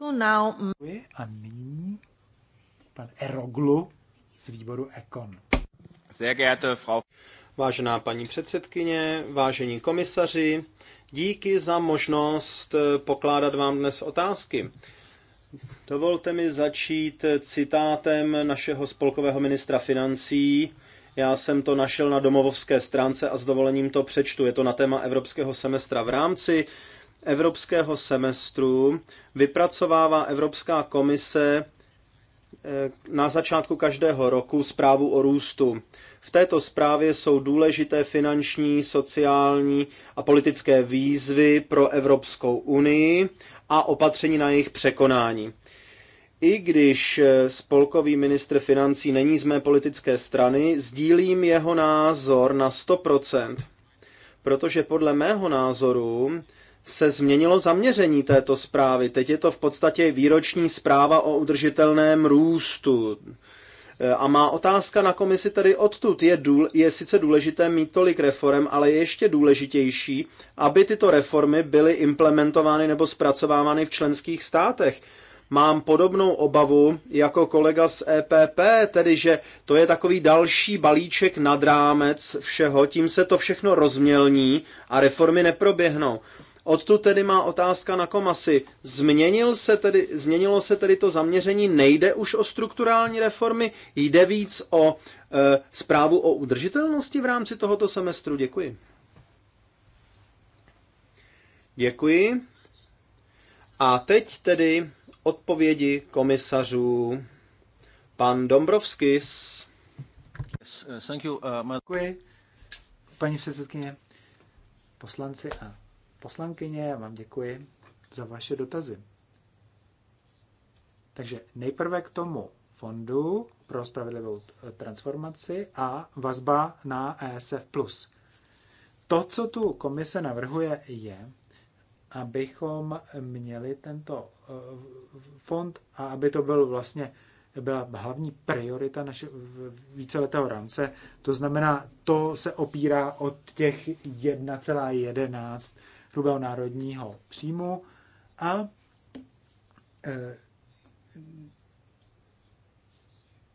Mm, Děkuji a nyní pan Eroglu z výboru Econ. Sehr geehrte Frau. Vážená paní předsedkyně, vážení komisaři, díky za možnost eh, pokládat vám dnes otázky. Dovolte mi začít citátem našeho spolkového ministra financí. Já jsem to našel na domovovské stránce a s dovolením to přečtu. Je to na téma evropského semestra. V rámci evropského semestru vypracovává Evropská komise Eh, na začátku každého roku zprávu o růstu. V této zprávě jsou důležité finanční, sociální a politické výzvy pro Evropskou unii a opatření na jejich překonání. I když eh, spolkový ministr financí není z mé politické strany, sdílím jeho názor na 100%, protože podle mého názoru se změnilo zaměření této zprávy. Teď je to v podstatě výroční zpráva o udržitelném růstu. E, a má otázka na komisi tedy odtud. Je, důl, je sice důležité mít tolik reform, ale je ještě důležitější, aby tyto reformy byly implementovány nebo zpracovávány v členských státech. Mám podobnou obavu jako kolega z EPP, tedy že to je takový další balíček nad rámec všeho, tím se to všechno rozmělní a reformy neproběhnou. Odtud tedy má otázka na komasy. Změnil se tedy, změnilo se tedy to zaměření, nejde už o strukturální reformy, jde víc o e, zprávu o udržitelnosti v rámci tohoto semestru. Děkuji. Děkuji. A teď tedy odpovědi komisařů. Pan Dombrovskis. Uh, uh, Děkuji, paní předsedkyně, poslanci a poslankyně, já vám děkuji za vaše dotazy. Takže nejprve k tomu fondu pro spravedlivou eh, transformaci a vazba na ESF+. To, co tu komise navrhuje, je, abychom měli tento eh, fond a aby to byl vlastně byla hlavní priorita naše víceletého rámce. To znamená, to se opírá od těch 1,11 hrubého národního příjmu a e,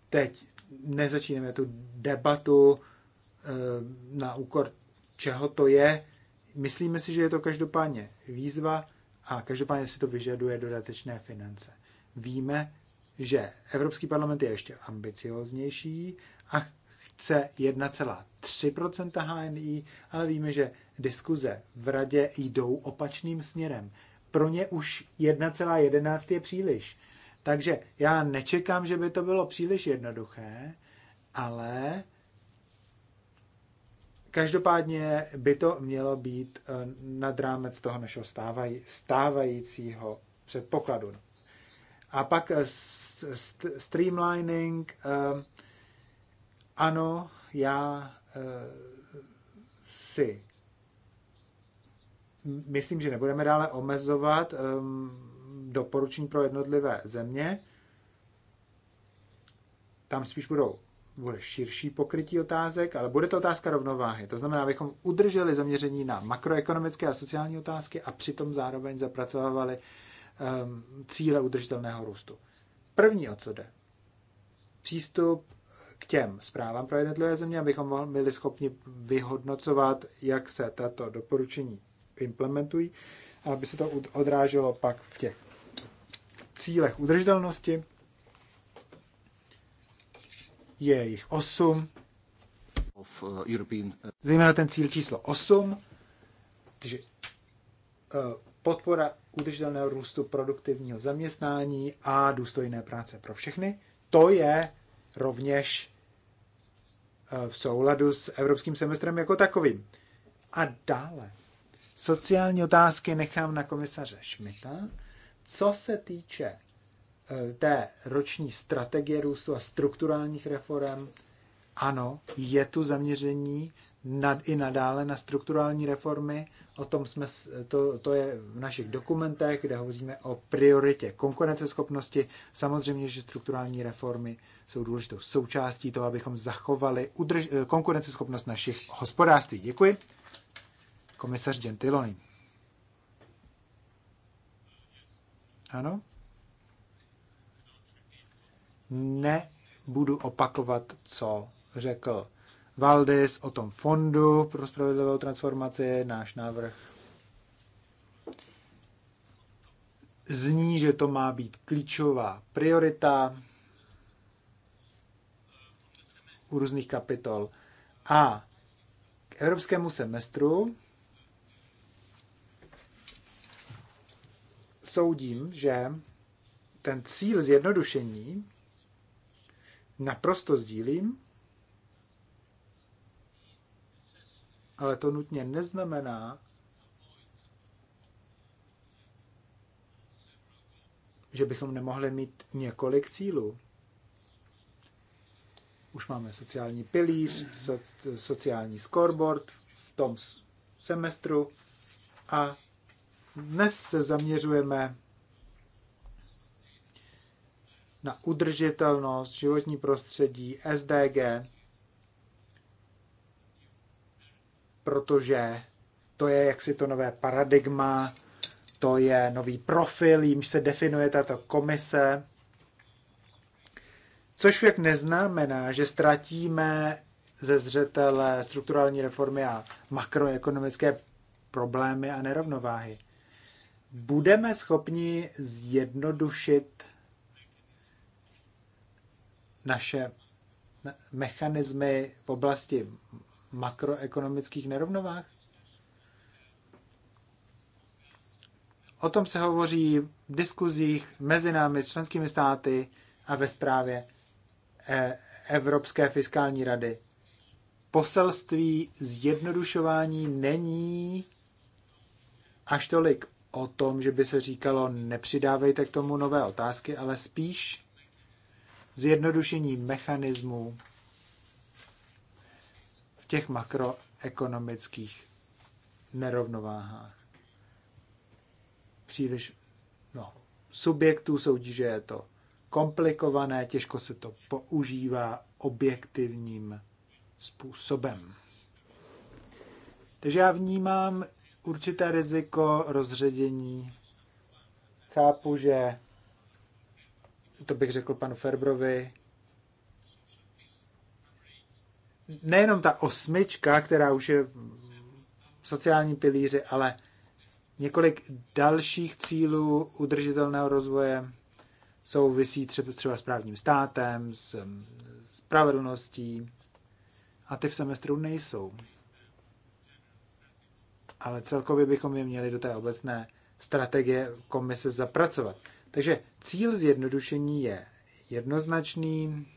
teď nezačínáme tu debatu e, na úkor čeho to je. Myslíme si, že je to každopádně výzva a každopádně si to vyžaduje dodatečné finance. Víme, že Evropský parlament je ještě ambicioznější a chce 1,3 HNI, ale víme, že diskuze v radě jdou opačným směrem. Pro ně už 1,11 je příliš. Takže já nečekám, že by to bylo příliš jednoduché, ale každopádně by to mělo být eh, nad rámec toho našeho stávají, stávajícího předpokladu. A pak eh, streamlining. Eh, ano, já si myslím, že nebudeme dále omezovat ehm, doporučení pro jednotlivé země. Tam spíš budou bude širší pokrytí otázek, ale bude to otázka rovnováhy. To znamená, abychom udrželi zaměření na makroekonomické a sociální otázky a přitom zároveň zapracovávali um, cíle udržitelného růstu. První, o co jde, přístup k těm zprávám pro jednotlivé země, abychom byli schopni vyhodnocovat, jak se tato doporučení implementují, aby se to odráželo pak v těch cílech udržitelnosti. Je jich 8. Of, uh, European... Uh, ten cíl číslo 8, takže uh, podpora udržitelného růstu produktivního zaměstnání a důstojné práce pro všechny. To je rovněž v souladu s evropským semestrem jako takovým. A dále Sociální otázky nechám na komisaře Šmita. Co se týče eh, té roční strategie růstu a strukturálních reform, ano, je tu zaměření nad, i nadále na strukturální reformy. O tom jsme, to, to je v našich dokumentech, kde hovoříme o prioritě konkurenceschopnosti. Samozřejmě, že strukturální reformy jsou důležitou součástí toho, abychom zachovali udrž, eh, konkurenceschopnost našich hospodářství. Děkuji komisař Gentiloni. Ano? Nebudu opakovat, co řekl Valdis o tom fondu pro spravedlivou transformaci, náš návrh zní, že to má být klíčová priorita u různých kapitol. A k evropskému semestru soudím, že ten cíl zjednodušení naprosto sdílím, ale to nutně neznamená, že bychom nemohli mít několik cílů. Už máme sociální pilíř, sociální scoreboard v tom semestru a dnes se zaměřujeme na udržitelnost, životní prostředí, SDG, protože to je jaksi to nové paradigma, to je nový profil, jímž se definuje tato komise, což však neznamená, že ztratíme ze zřetele strukturální reformy a makroekonomické problémy a nerovnováhy budeme schopni zjednodušit naše mechanismy v oblasti makroekonomických nerovnovách? O tom se hovoří v diskuzích mezi námi s členskými státy a ve zprávě e- Evropské fiskální rady. Poselství zjednodušování není až tolik o tom, že by se říkalo, nepřidávejte k tomu nové otázky, ale spíš zjednodušení mechanismů v těch makroekonomických nerovnováhách. Příliš no, subjektů soudí, že je to komplikované, těžko se to používá objektivním způsobem. Takže já vnímám určité riziko rozředění. Chápu, že to bych řekl panu Ferbrovi, nejenom ta osmička, která už je v sociální pilíři, ale několik dalších cílů udržitelného rozvoje souvisí třeba s právním státem, s spravedlností a ty v semestru nejsou ale celkově bychom je měli do té obecné strategie komise zapracovat. Takže cíl zjednodušení je jednoznačný.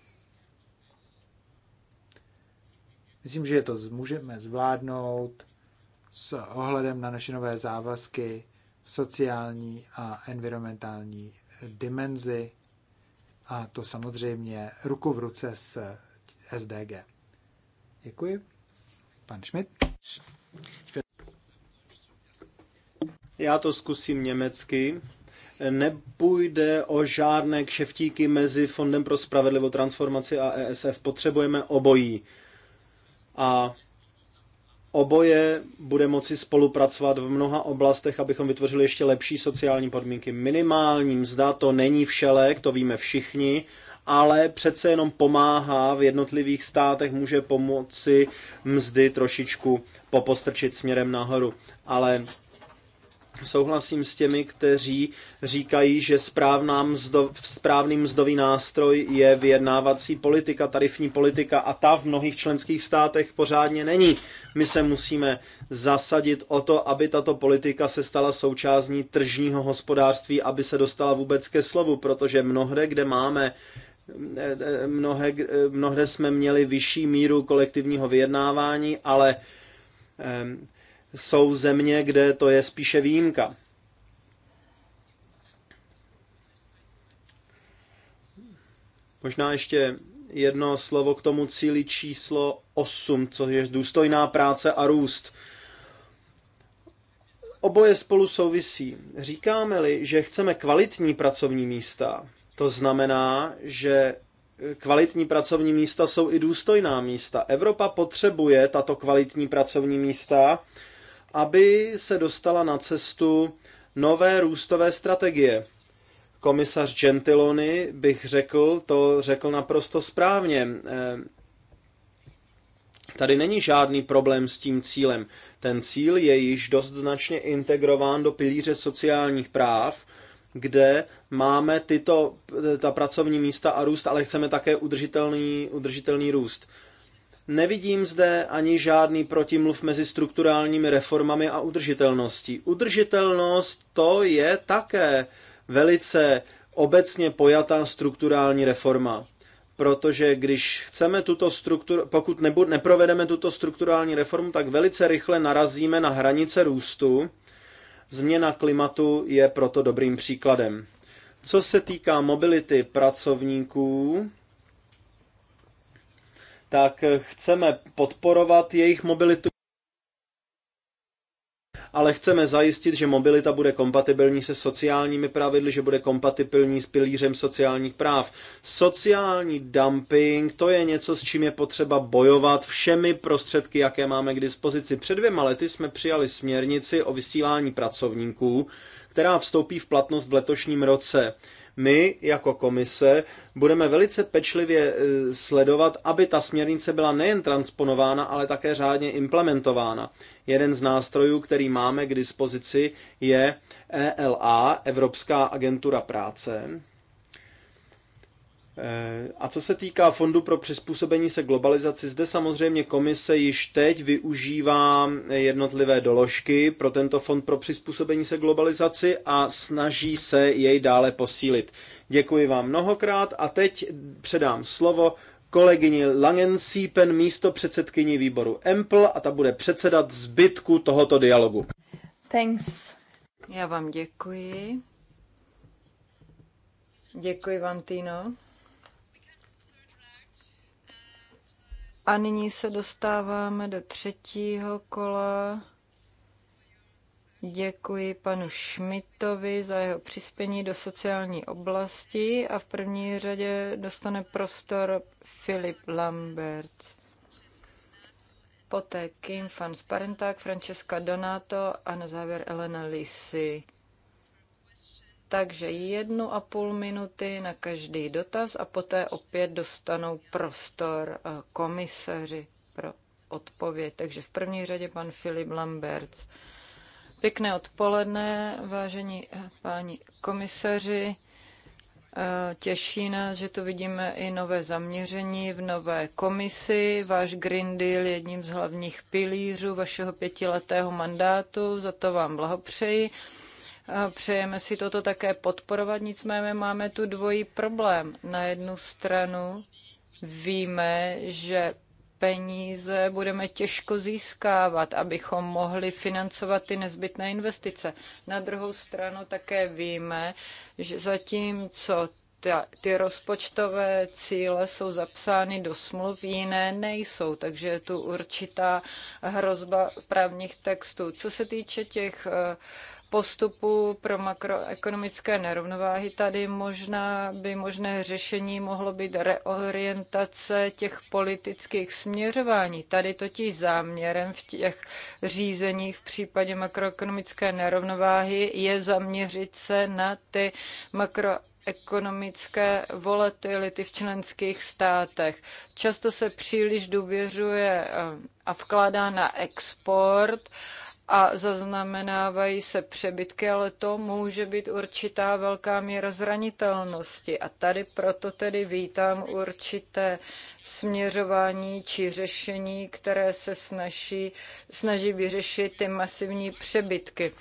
Myslím, že to můžeme zvládnout s ohledem na naše nové závazky v sociální a environmentální dimenzi a to samozřejmě ruku v ruce s SDG. Děkuji. Pan Schmidt. Já to zkusím německy. Nepůjde o žádné kšeftíky mezi Fondem pro spravedlivou transformaci a ESF. Potřebujeme obojí. A oboje bude moci spolupracovat v mnoha oblastech, abychom vytvořili ještě lepší sociální podmínky. Minimální mzda to není všelek, to víme všichni, ale přece jenom pomáhá v jednotlivých státech, může pomoci mzdy trošičku popostrčit směrem nahoru. Ale Souhlasím s těmi, kteří říkají, že správná mzdo, správný mzdový nástroj je vyjednávací politika, tarifní politika a ta v mnohých členských státech pořádně není. My se musíme zasadit o to, aby tato politika se stala součástí tržního hospodářství, aby se dostala vůbec ke slovu, protože mnohde, kde máme mnohde, mnohde jsme měli vyšší míru kolektivního vyjednávání, ale ehm, jsou země, kde to je spíše výjimka. Možná ještě jedno slovo k tomu cíli číslo 8, co je důstojná práce a růst. Oboje spolu souvisí. Říkáme-li, že chceme kvalitní pracovní místa, to znamená, že kvalitní pracovní místa jsou i důstojná místa. Evropa potřebuje tato kvalitní pracovní místa, aby se dostala na cestu nové růstové strategie. Komisař Gentiloni, bych řekl, to řekl naprosto správně. Eh, tady není žádný problém s tím cílem. Ten cíl je již dost značně integrován do pilíře sociálních práv, kde máme tyto, ta pracovní místa a růst, ale chceme také udržitelný, udržitelný růst. Nevidím zde ani žádný protimluv mezi strukturálními reformami a udržitelností. Udržitelnost to je také velice obecně pojatá strukturální reforma. Protože když chceme tuto strukturu, pokud nebu, neprovedeme tuto strukturální reformu, tak velice rychle narazíme na hranice růstu. Změna klimatu je proto dobrým příkladem. Co se týká mobility pracovníků, tak eh, chceme podporovat jejich mobilitu, ale chceme zajistit, že mobilita bude kompatibilní se sociálními pravidly, že bude kompatibilní s pilířem sociálních práv. Sociální dumping, to je něco, s čím je potřeba bojovat všemi prostředky, jaké máme k dispozici. Před dvěma lety jsme přijali směrnici o vysílání pracovníků, která vstoupí v platnost v letošním roce. My jako komise budeme velice pečlivě e, sledovat, aby ta směrnice byla nejen transponována, ale také řádně implementována. Jeden z nástrojů, který máme k dispozici, je ELA, Evropská agentura práce, Eh, a co se týká Fondu pro přizpůsobení se globalizaci, zde samozřejmě komise již teď využívá jednotlivé doložky pro tento Fond pro přizpůsobení se globalizaci a snaží se jej dále posílit. Děkuji vám mnohokrát a teď předám slovo kolegyni Langensiepen, místo předsedkyni výboru EMPL a ta bude předsedat zbytku tohoto dialogu. Thanks. Já vám děkuji. Děkuji vám, Tino. A nyní se dostáváme do třetího kola. Děkuji panu Šmitovi za jeho přispění do sociální oblasti a v první řadě dostane prostor Filip Lambert. Poté Kim van Sparentak, Francesca Donato a na závěr Elena Lisi. Takže jednu a půl minuty na každý dotaz a poté opět dostanou prostor eh, komisaři pro odpověď. Takže v první řadě pan Filip Lamberts. Pěkné odpoledne, vážení eh, páni komisaři. Eh, Těší nás, že tu vidíme i nové zaměření v nové komisi. Váš Green Deal je jedním z hlavních pilířů vašeho pětiletého mandátu, za to vám blahopřeji. Přejeme si toto také podporovat, nicméně máme tu dvojí problém. Na jednu stranu víme, že peníze budeme těžko získávat, abychom mohli financovat ty nezbytné investice. Na druhou stranu také víme, že zatímco ty rozpočtové cíle jsou zapsány do smluv, jiné nejsou, takže je tu určitá hrozba právních textů. Co se týče těch uh, postupu pro makroekonomické nerovnováhy. Tady možná by možné řešení mohlo být reorientace těch politických směřování. Tady totiž záměrem v těch řízeních v případě makroekonomické nerovnováhy je zaměřit se na ty makro ekonomické volatility v členských státech. Často se příliš důvěřuje eh, a vkládá na export a zaznamenávají se přebytky, ale to může být určitá velká míra zranitelnosti. A tady proto tedy vítám určité směřování či řešení, které se snaží, snaží vyřešit ty masivní přebytky.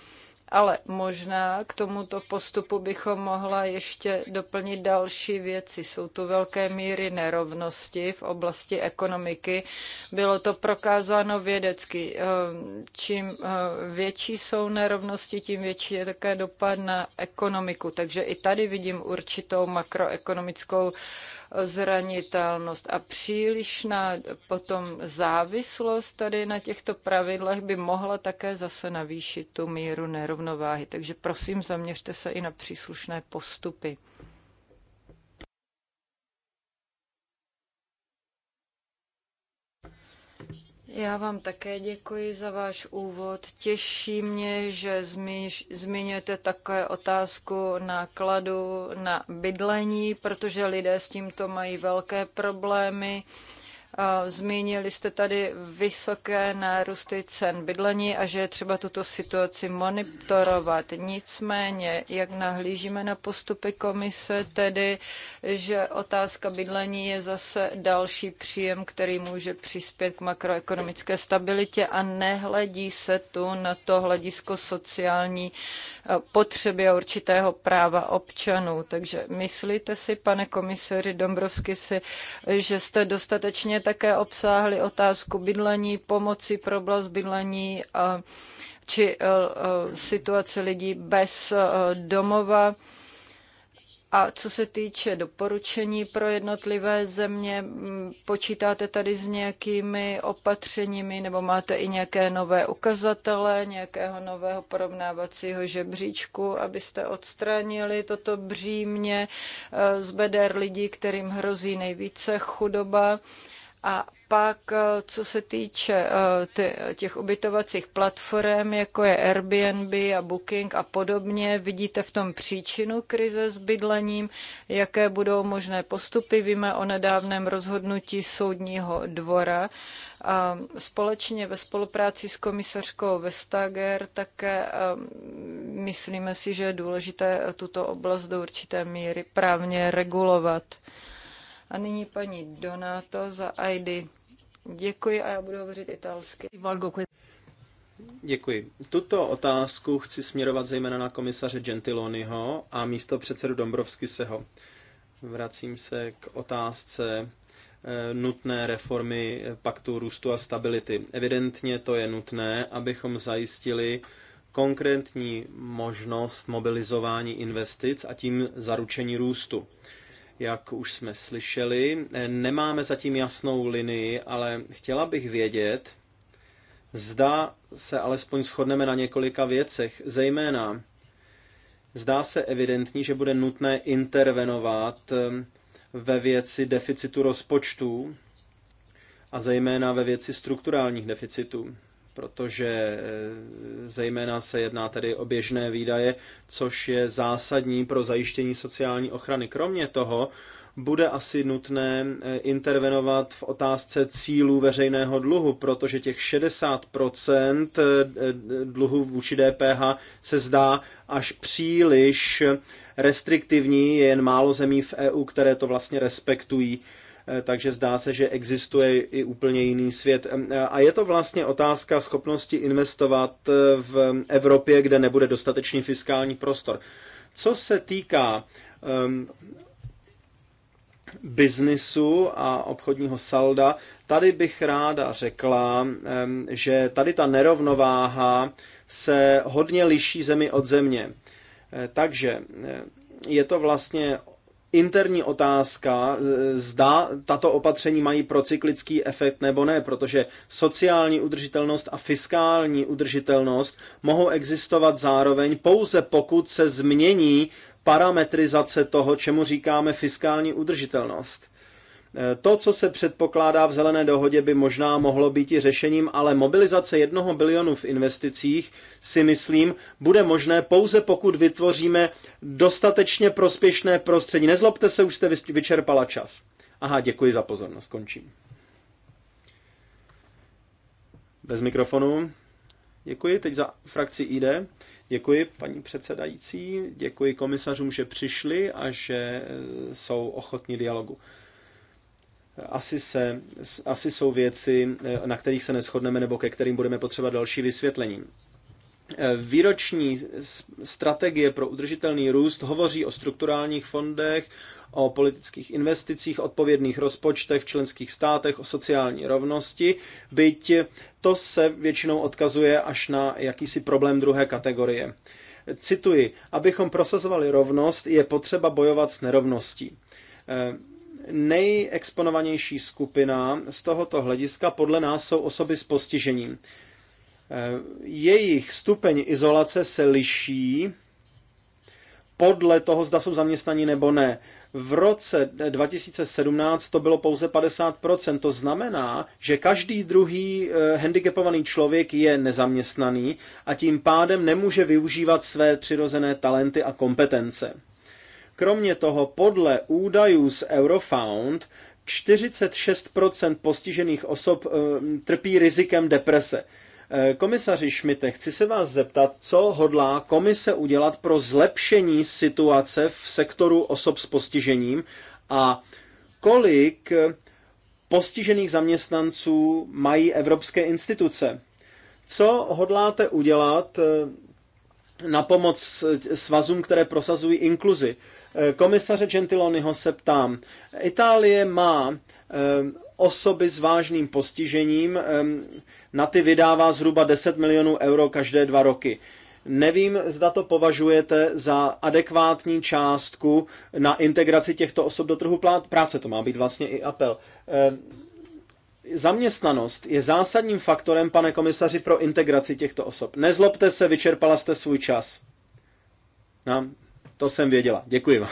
Ale možná k tomuto postupu bychom mohla ještě doplnit další věci. Jsou tu velké míry nerovnosti v oblasti ekonomiky. Bylo to prokázáno vědecky. Ehm, čím ehm, větší jsou nerovnosti, tím větší je také dopad na ekonomiku. Takže i tady vidím určitou makroekonomickou zranitelnost a přílišná potom závislost tady na těchto pravidlech by mohla také zase navýšit tu míru nerovnováhy. Takže prosím, zaměřte se i na příslušné postupy. Já vám také děkuji za váš úvod. Těší mě, že zmiňujete takové otázku nákladu na bydlení, protože lidé s tímto mají velké problémy. Zmínili jste tady vysoké nárůsty cen bydlení a že je třeba tuto situaci monitorovat. Nicméně, jak nahlížíme na postupy komise, tedy, že otázka bydlení je zase další příjem, který může přispět k makroekonomické stabilitě a nehledí se tu na to hledisko sociální e, potřeby a určitého práva občanů. Takže myslíte si, pane komisaři Dombrovsky, si, že jste dostatečně také obsáhly otázku bydlení, pomoci pro oblast bydlení či e, e, situace lidí bez e, domova. A co se týče doporučení pro jednotlivé země, počítáte tady s nějakými opatřeními nebo máte i nějaké nové ukazatele, nějakého nového porovnávacího žebříčku, abyste odstranili toto břímě z beder lidí, kterým hrozí nejvíce chudoba? A pak, eh, co se týče eh, těch ubytovacích platform, jako je Airbnb a Booking a podobně, vidíte v tom příčinu krize s bydlením, jaké budou možné postupy. Víme o nedávném rozhodnutí soudního dvora. A společně ve spolupráci s komisařkou Vestager také eh, myslíme si, že je důležité tuto oblast do určité míry právně regulovat. A nyní paní Donato za ID. Děkuji a já budu hovořit italsky. Děkuji. Tuto otázku chci směrovat zejména na komisaře Gentiloniho a místo předsedu Dombrovskyseho. Vracím se k otázce eh, nutné reformy eh, paktu růstu a stability. Evidentně to je nutné, abychom zajistili konkrétní možnost mobilizování investic a tím zaručení růstu jak už jsme slyšeli. Nemáme zatím jasnou linii, ale chtěla bych vědět, zda se alespoň shodneme na několika věcech, zejména zdá se evidentní, že bude nutné intervenovat ehm, ve věci deficitu rozpočtu a zejména ve věci strukturálních deficitů protože eh, zejména se jedná tedy o běžné výdaje, což je zásadní pro zajištění sociální ochrany. Kromě toho bude asi nutné eh, intervenovat v otázce cílů veřejného dluhu, protože těch 60% eh, dluhu vůči DPH se zdá až příliš restriktivní, je jen málo zemí v EU, které to vlastně respektují Eh, takže zdá se, že existuje i úplně jiný svět. Eh, a je to vlastně otázka schopnosti investovat eh, v Evropě, kde nebude dostatečný fiskální prostor. Co se týká um, biznisu a obchodního salda, tady bych ráda řekla, um, že tady ta nerovnováha se hodně liší zemi od země. Takže je to vlastně interní otázka, e, zda tato opatření mají procyklický efekt nebo ne, protože sociální udržitelnost a fiskální udržitelnost mohou existovat zároveň pouze pokud se změní parametrizace toho, čemu říkáme fiskální udržitelnost. To, co se předpokládá v zelené dohodě, by možná mohlo být i řešením, ale mobilizace jednoho bilionu v investicích si myslím, bude možné pouze pokud vytvoříme dostatečně prospěšné prostředí. Nezlobte se, už jste vyčerpala čas. Aha, děkuji za pozornost, končím. Bez mikrofonu. Děkuji teď za frakci ID. Děkuji paní předsedající, děkuji komisařům, že přišli a že e, jsou ochotní dialogu asi, se, asi jsou věci, eh, na kterých se neschodneme nebo ke kterým budeme potřebovat další vysvětlení. Eh, výroční strategie pro udržitelný růst hovoří o strukturálních fondech, o politických investicích, odpovědných rozpočtech v členských státech, o sociální rovnosti, byť to se většinou odkazuje až na jakýsi problém druhé kategorie. Cituji, abychom prosazovali rovnost, je potřeba bojovat s nerovností eh, nejexponovanější skupina z tohoto hlediska podle nás jsou osoby s postižením. Eh, jejich stupeň izolace se liší podle toho, zda jsou zaměstnaní nebo ne. V roce 2017 to bylo pouze 50%. To znamená, že každý druhý eh, handicapovaný člověk je nezaměstnaný a tím pádem nemůže využívat své přirozené talenty a kompetence. Kromě toho, podle údajů z Eurofound, 46% postižených osob eh, trpí rizikem deprese. Eh, komisaři Šmite, chci se vás zeptat, co hodlá komise udělat pro zlepšení situace v sektoru osob s postižením a kolik postižených zaměstnanců mají evropské instituce. Co hodláte udělat eh, na pomoc svazům, které prosazují inkluzi? Eh, komisaře Gentiloniho se ptám. Itálie má eh, osoby s vážným postižením, eh, na ty vydává zhruba 10 milionů euro každé dva roky. Nevím, zda to považujete za adekvátní částku na integraci těchto osob do trhu práce. To má být vlastně i apel. Zaměstnanost je zásadním faktorem, pane komisaři, pro integraci těchto osob. Nezlobte se, vyčerpala jste svůj čas. No, to jsem věděla. Děkuji vám.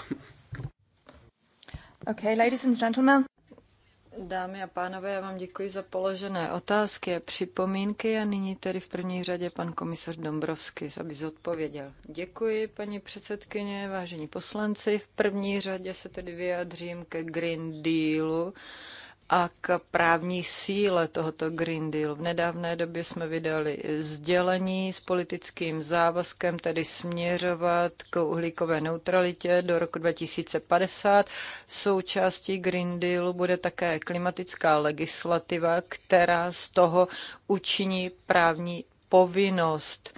Okay, ladies and gentlemen. Dámy a pánové, já vám děkuji za položené otázky a připomínky a nyní tedy v první řadě pan komisař Dombrovský, aby zodpověděl. Děkuji, paní předsedkyně, vážení poslanci. V první řadě se tedy vyjádřím ke Green Dealu a k právní síle tohoto Green Deal. V nedávné době jsme vydali sdělení s politickým závazkem, tedy směřovat k uhlíkové neutralitě do roku 2050. Součástí Green Dealu bude také klimatická legislativa, která z toho učiní právní povinnost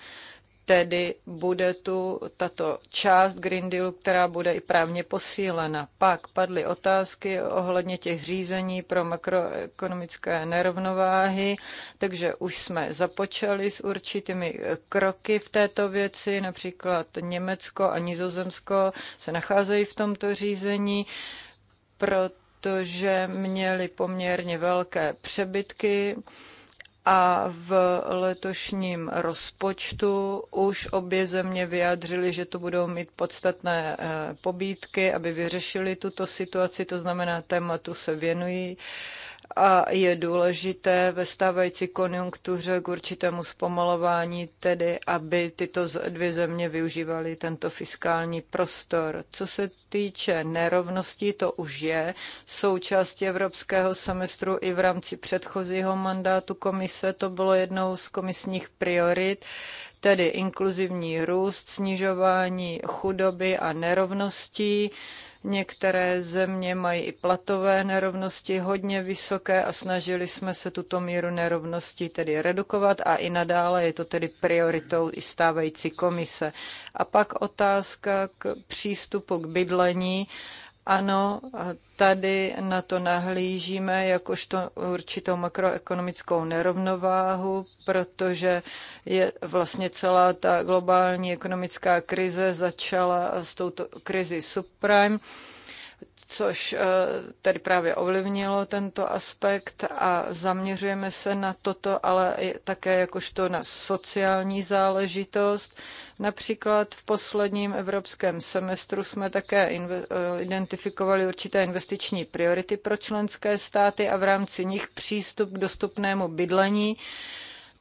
Tedy bude tu tato část Green Dealu, která bude i právně posílena. Pak padly otázky ohledně těch řízení pro makroekonomické nerovnováhy, takže už jsme započali s určitými eh, kroky v této věci, například Německo a Nizozemsko se nacházejí v tomto řízení, proto protože měli poměrně velké přebytky a v letošním rozpočtu už obě země vyjádřily, že to budou mít podstatné eh, pobídky, aby vyřešili tuto situaci, to znamená tématu se věnují a je důležité ve stávající konjunktuře k určitému zpomalování, tedy aby tyto dvě země využívaly tento fiskální prostor. Co se týče nerovností, to už je součástí evropského semestru i v rámci předchozího mandátu komise. To bylo jednou z komisních priorit, tedy inkluzivní růst, snižování chudoby a nerovností Některé země mají i platové nerovnosti hodně vysoké a snažili jsme se tuto míru nerovnosti tedy redukovat a i nadále je to tedy prioritou i stávající komise. A pak otázka k přístupu k bydlení ano, tady na to nahlížíme jakožto určitou makroekonomickou nerovnováhu, protože je vlastně celá ta globální ekonomická krize začala s touto krizi subprime což eh, tedy právě ovlivnilo tento aspekt a zaměřujeme se na toto, ale také jakožto na sociální záležitost. Například v posledním evropském semestru jsme také eh, identifikovali určité investiční priority pro členské státy a v rámci nich přístup k dostupnému bydlení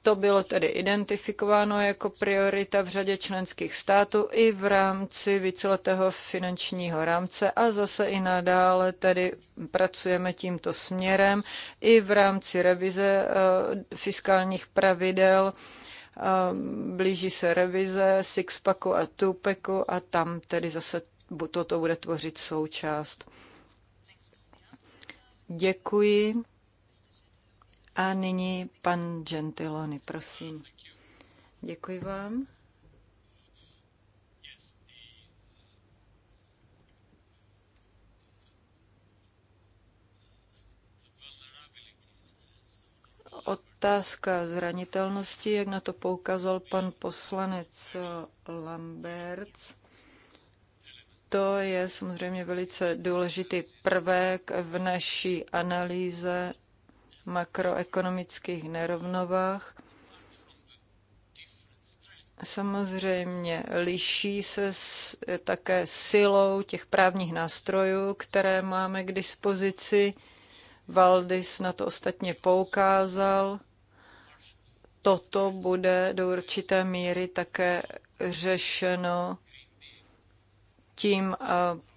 to bylo tedy identifikováno jako priorita v řadě členských států i v rámci víceletého finančního rámce a zase i nadále tedy pracujeme tímto směrem i v rámci revize eh, fiskálních pravidel. Eh, blíží se revize Sixpacku a Tupeku a tam tedy zase toto bude tvořit součást. Děkuji. A nyní pan Gentiloni, prosím. Děkuji vám. Otázka zranitelnosti, jak na to poukázal pan poslanec Lamberts, to je samozřejmě velice důležitý prvek v naší analýze makroekonomických nerovnovách samozřejmě liší se s, také silou těch právních nástrojů, které máme k dispozici. Valdis na to ostatně poukázal. Toto bude do určité míry také řešeno tím eh,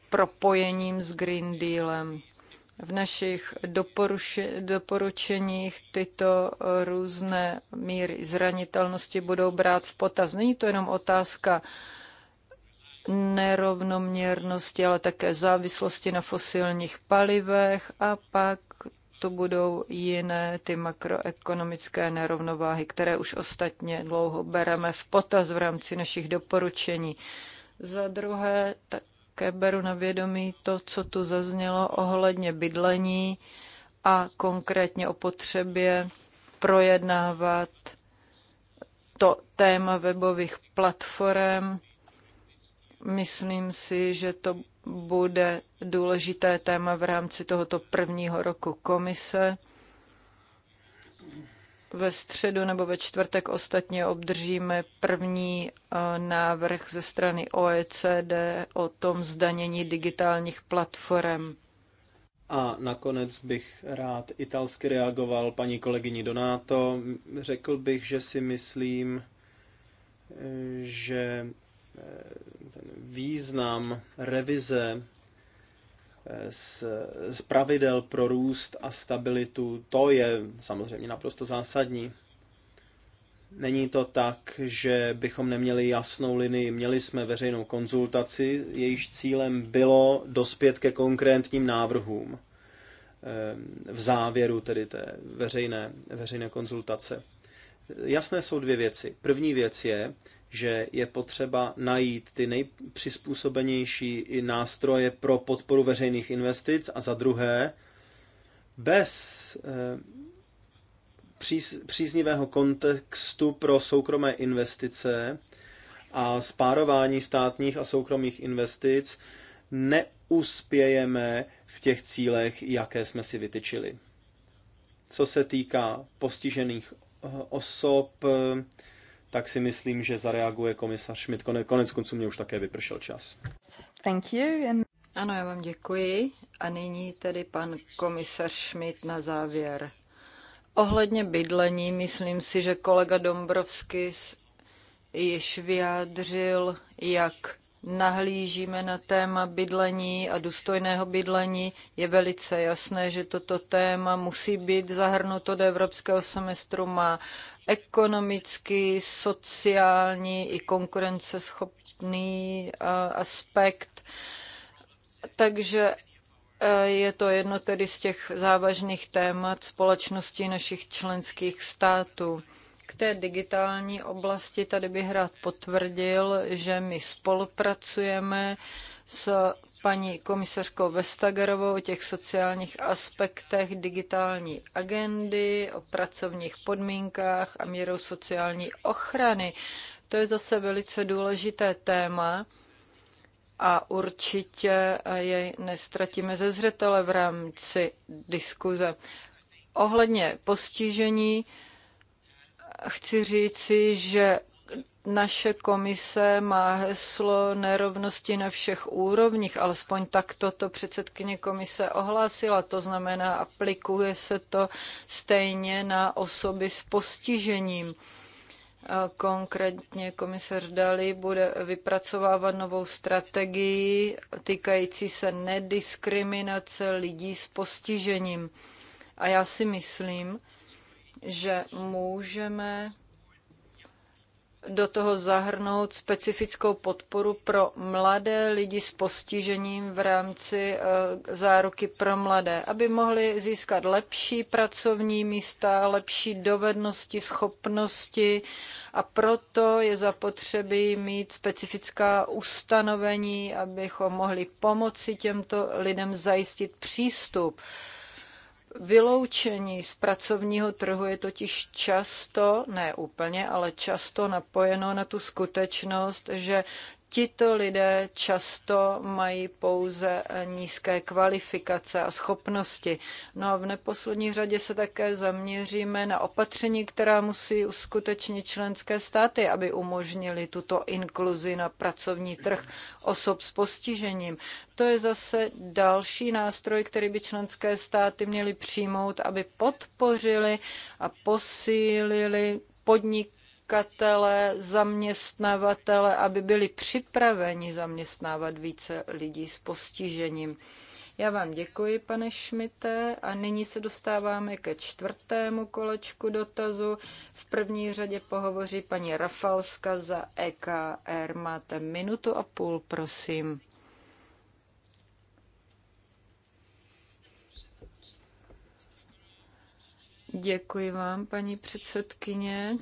propojením s Green Dealem v našich doporučeních tyto různé míry zranitelnosti budou brát v potaz. Není to jenom otázka nerovnoměrnosti, ale také závislosti na fosilních palivech a pak to budou jiné ty makroekonomické nerovnováhy, které už ostatně dlouho bereme v potaz v rámci našich doporučení. Za druhé, tak také beru na vědomí to, co tu zaznělo ohledně bydlení a konkrétně o potřebě projednávat to téma webových platform. Myslím si, že to bude důležité téma v rámci tohoto prvního roku komise ve středu nebo ve čtvrtek ostatně obdržíme první eh, návrh ze strany OECD o tom zdanění digitálních platform. A nakonec bych rád italsky reagoval paní kolegyni Donato. Řekl bych, že si myslím, eh, že eh, ten význam revize z, z pravidel pro růst a stabilitu, to je samozřejmě naprosto zásadní. Není to tak, že bychom neměli jasnou linii. Měli jsme veřejnou konzultaci, jejíž cílem bylo dospět ke konkrétním návrhům eh, v závěru tedy té veřejné, veřejné konzultace. Jasné jsou dvě věci. První věc je, že je potřeba najít ty nejpřizpůsobenější i nástroje pro podporu veřejných investic a za druhé, bez eh, příznivého kontextu pro soukromé investice a spárování státních a soukromých investic neuspějeme v těch cílech, jaké jsme si vytyčili. Co se týká postižených eh, osob, eh, tak si myslím, že zareaguje komisař Schmidt. Konec konců mě už také vypršel čas. Thank you. And... Ano, já vám děkuji. A nyní tedy pan komisař Schmidt na závěr. Ohledně bydlení, myslím si, že kolega Dombrovský již vyjádřil, jak nahlížíme na téma bydlení a důstojného bydlení, je velice jasné, že toto téma musí být zahrnuto do evropského semestru, má ekonomický, sociální i konkurenceschopný eh, aspekt. Takže eh, je to jedno tedy z těch závažných témat společnosti našich členských států. K té digitální oblasti tady bych rád potvrdil, že my spolupracujeme s paní komisařkou Vestagerovou o těch sociálních aspektech digitální agendy, o pracovních podmínkách a mírou sociální ochrany. To je zase velice důležité téma a určitě jej nestratíme ze zřetele v rámci diskuze. Ohledně postižení chci říci, že naše komise má heslo nerovnosti na všech úrovních, alespoň tak toto předsedkyně komise ohlásila. To znamená, aplikuje se to stejně na osoby s postižením. Konkrétně komisař Dali bude vypracovávat novou strategii týkající se nediskriminace lidí s postižením. A já si myslím, že můžeme do toho zahrnout specifickou podporu pro mladé lidi s postižením v rámci eh, záruky pro mladé, aby mohli získat lepší pracovní místa, lepší dovednosti, schopnosti a proto je zapotřebí mít specifická ustanovení, abychom mohli pomoci těmto lidem zajistit přístup Vyloučení z pracovního trhu je totiž často, ne úplně, ale často napojeno na tu skutečnost, že tito lidé často mají pouze eh, nízké kvalifikace a schopnosti. No a v neposlední řadě se také zaměříme na opatření, která musí uskutečnit členské státy, aby umožnili tuto inkluzi na pracovní trh osob s postižením. To je zase další nástroj, který by členské státy měly přijmout, aby podpořili a posílili podnik podnikatele, zaměstnavatele, aby byli připraveni zaměstnávat více lidí s postižením. Já vám děkuji, pane Šmite, a nyní se dostáváme ke čtvrtému kolečku dotazu. V první řadě pohovoří paní Rafalska za EKR. Máte minutu a půl, prosím. Děkuji vám, paní předsedkyně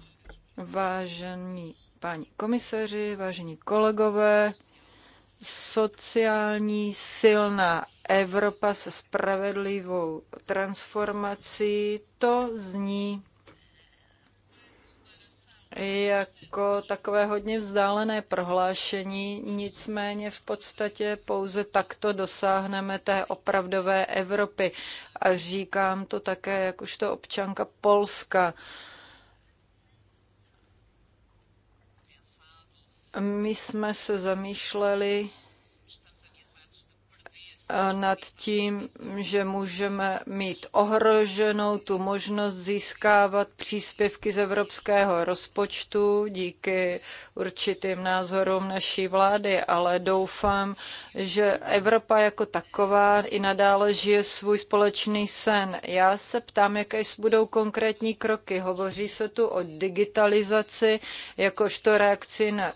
vážení páni komisaři, vážení kolegové, sociální silná Evropa se spravedlivou transformací, to zní jako takové hodně vzdálené prohlášení, nicméně v podstatě pouze takto dosáhneme té opravdové Evropy. A říkám to také jakožto občanka Polska. Uh, My jsme se zamýšleli nad tím, že můžeme mít ohroženou tu možnost získávat příspěvky z evropského rozpočtu díky určitým názorům naší vlády, ale doufám, že Evropa jako taková i nadále žije svůj společný sen. Já se ptám, jaké budou konkrétní kroky. Hovoří se tu o digitalizaci jakožto reakci na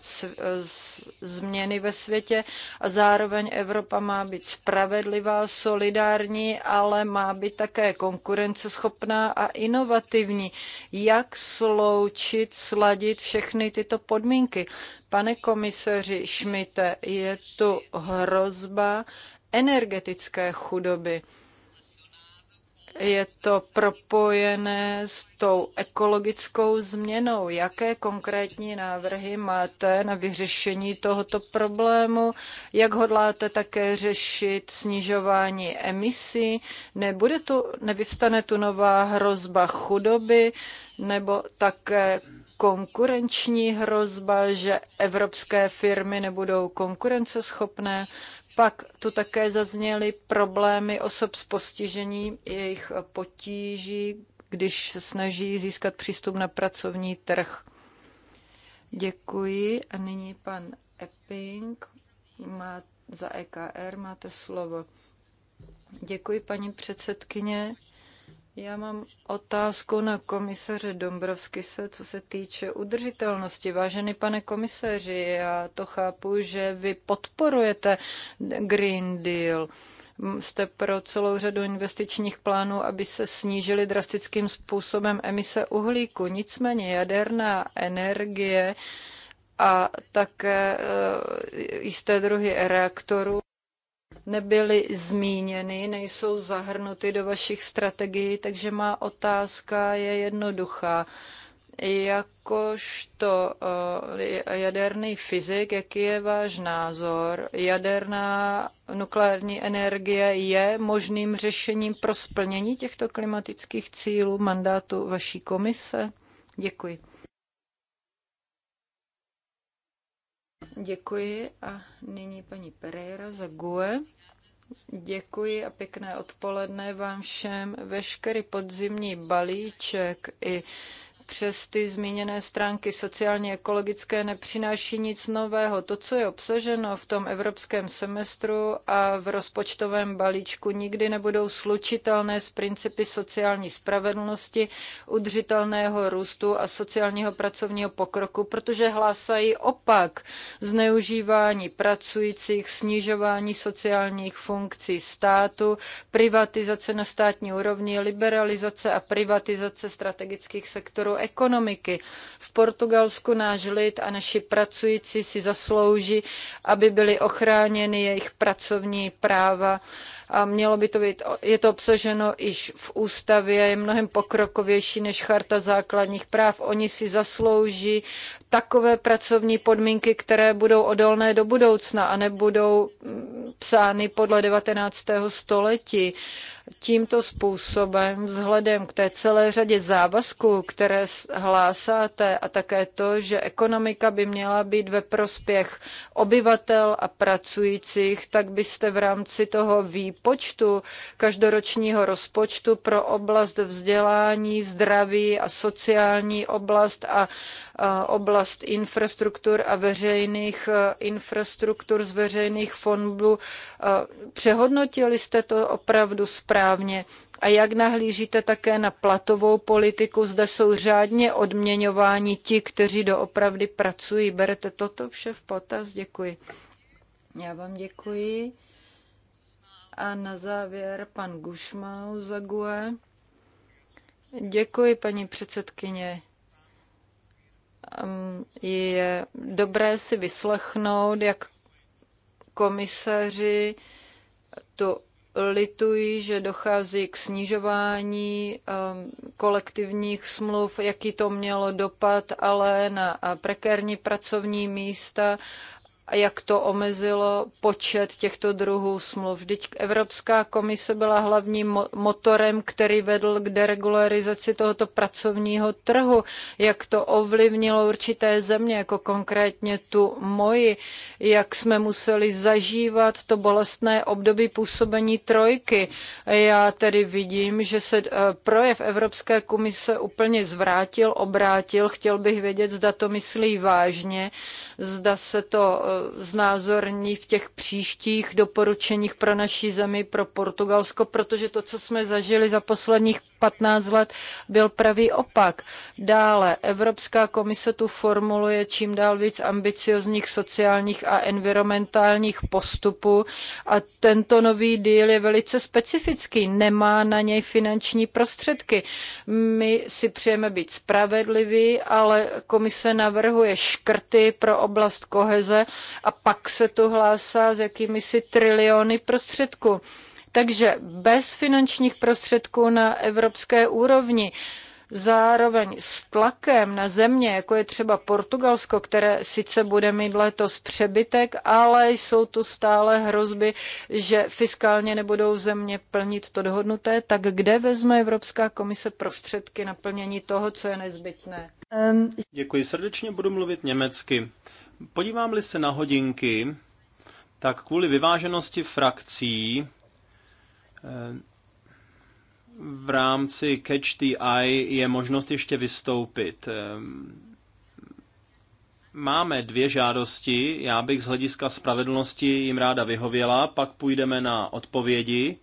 změny ve světě a zároveň Evropa má být správná spravedlivá, solidární, ale má být také konkurenceschopná a inovativní. Jak sloučit, sladit všechny tyto podmínky? Pane komisaři Šmite, je tu hrozba energetické chudoby je to propojené s tou ekologickou změnou. Jaké konkrétní návrhy máte na vyřešení tohoto problému? Jak hodláte také řešit snižování emisí? Nebude tu, nevyvstane tu nová hrozba chudoby nebo také konkurenční hrozba, že evropské firmy nebudou konkurenceschopné? Pak tu také zazněly problémy osob s postižením, jejich potíží, když se snaží získat přístup na pracovní trh. Děkuji. A nyní pan Epping má za EKR máte slovo. Děkuji, paní předsedkyně. Já mám otázku na komisaře Dombrovskise, co se týče udržitelnosti. Vážený pane komisaři, já to chápu, že vy podporujete Green Deal jste pro celou řadu investičních plánů, aby se snížily drastickým způsobem emise uhlíku. Nicméně jaderná energie a také eh, jisté druhy reaktorů nebyly zmíněny, nejsou zahrnuty do vašich strategií, takže má otázka je jednoduchá. Jakožto eh, jaderný fyzik, jaký je váš názor? Jaderná nukleární energie je možným řešením pro splnění těchto klimatických cílů mandátu vaší komise? Děkuji. Děkuji a nyní paní Pereira za GUE. Děkuji a pěkné odpoledne vám všem. Veškerý podzimní balíček i přes ty zmíněné stránky sociálně ekologické nepřináší nic nového. To, co je obsaženo v tom evropském semestru a v rozpočtovém balíčku, nikdy nebudou slučitelné s principy sociální spravedlnosti, udržitelného růstu a sociálního pracovního pokroku, protože hlásají opak zneužívání pracujících, snižování sociálních funkcí státu, privatizace na státní úrovni, liberalizace a privatizace strategických sektorů ekonomiky. V Portugalsku náš lid a naši pracující si zaslouží, aby byly ochráněny jejich pracovní práva. A mělo by to být, je to obsaženo již v ústavě, je mnohem pokrokovější než charta základních práv. Oni si zaslouží takové pracovní podmínky, které budou odolné do budoucna a nebudou mm, psány podle 19. století tímto způsobem, vzhledem k té celé řadě závazků, které hlásáte, a také to, že ekonomika by měla být ve prospěch obyvatel a pracujících, tak byste v rámci toho výpočtu každoročního rozpočtu pro oblast vzdělání, zdraví a sociální oblast a oblast infrastruktur a veřejných e, infrastruktur z veřejných fondů. E, přehodnotili jste to opravdu správně? A jak nahlížíte také na platovou politiku? Zda jsou řádně odměňováni ti, kteří doopravdy pracují. Berete toto vše v potaz? Děkuji. Já vám děkuji. A na závěr pan Gušmau Zague. Děkuji, paní předsedkyně je dobré si vyslechnout, jak komisaři to litují, že dochází k snižování kolektivních smluv, jaký to mělo dopad ale na prekérní pracovní místa a jak to omezilo počet těchto druhů smluv. Vždyť Evropská komise byla hlavním motorem, který vedl k deregularizaci tohoto pracovního trhu, jak to ovlivnilo určité země, jako konkrétně tu moji, jak jsme museli zažívat to bolestné období působení trojky. Já tedy vidím, že se eh, projev Evropské komise úplně zvrátil, obrátil. Chtěl bych vědět, zda to myslí vážně, zda se to eh, znázorní v těch příštích doporučeních pro naší zemi, pro Portugalsko, protože to, co jsme zažili za posledních 15 let byl pravý opak. Dále Evropská komise tu formuluje čím dál víc ambiciozních sociálních a environmentálních postupů a tento nový díl je velice specifický, nemá na něj finanční prostředky. My si přejeme být spravedliví, ale komise navrhuje škrty pro oblast koheze a pak se tu hlásá s jakýmisi triliony prostředků. Takže bez finančních prostředků na evropské úrovni zároveň s tlakem na země, jako je třeba Portugalsko, které sice bude mít letos přebytek, ale jsou tu stále hrozby, že fiskálně nebudou země plnit to dohodnuté, tak kde vezme Evropská komise prostředky na plnění toho, co je nezbytné? Děkuji srdečně, budu mluvit německy. Podívám-li se na hodinky, tak kvůli vyváženosti frakcí v rámci Catch the Eye je možnost ještě vystoupit. Máme dvě žádosti, já bych z hlediska spravedlnosti jim ráda vyhověla, pak půjdeme na odpovědi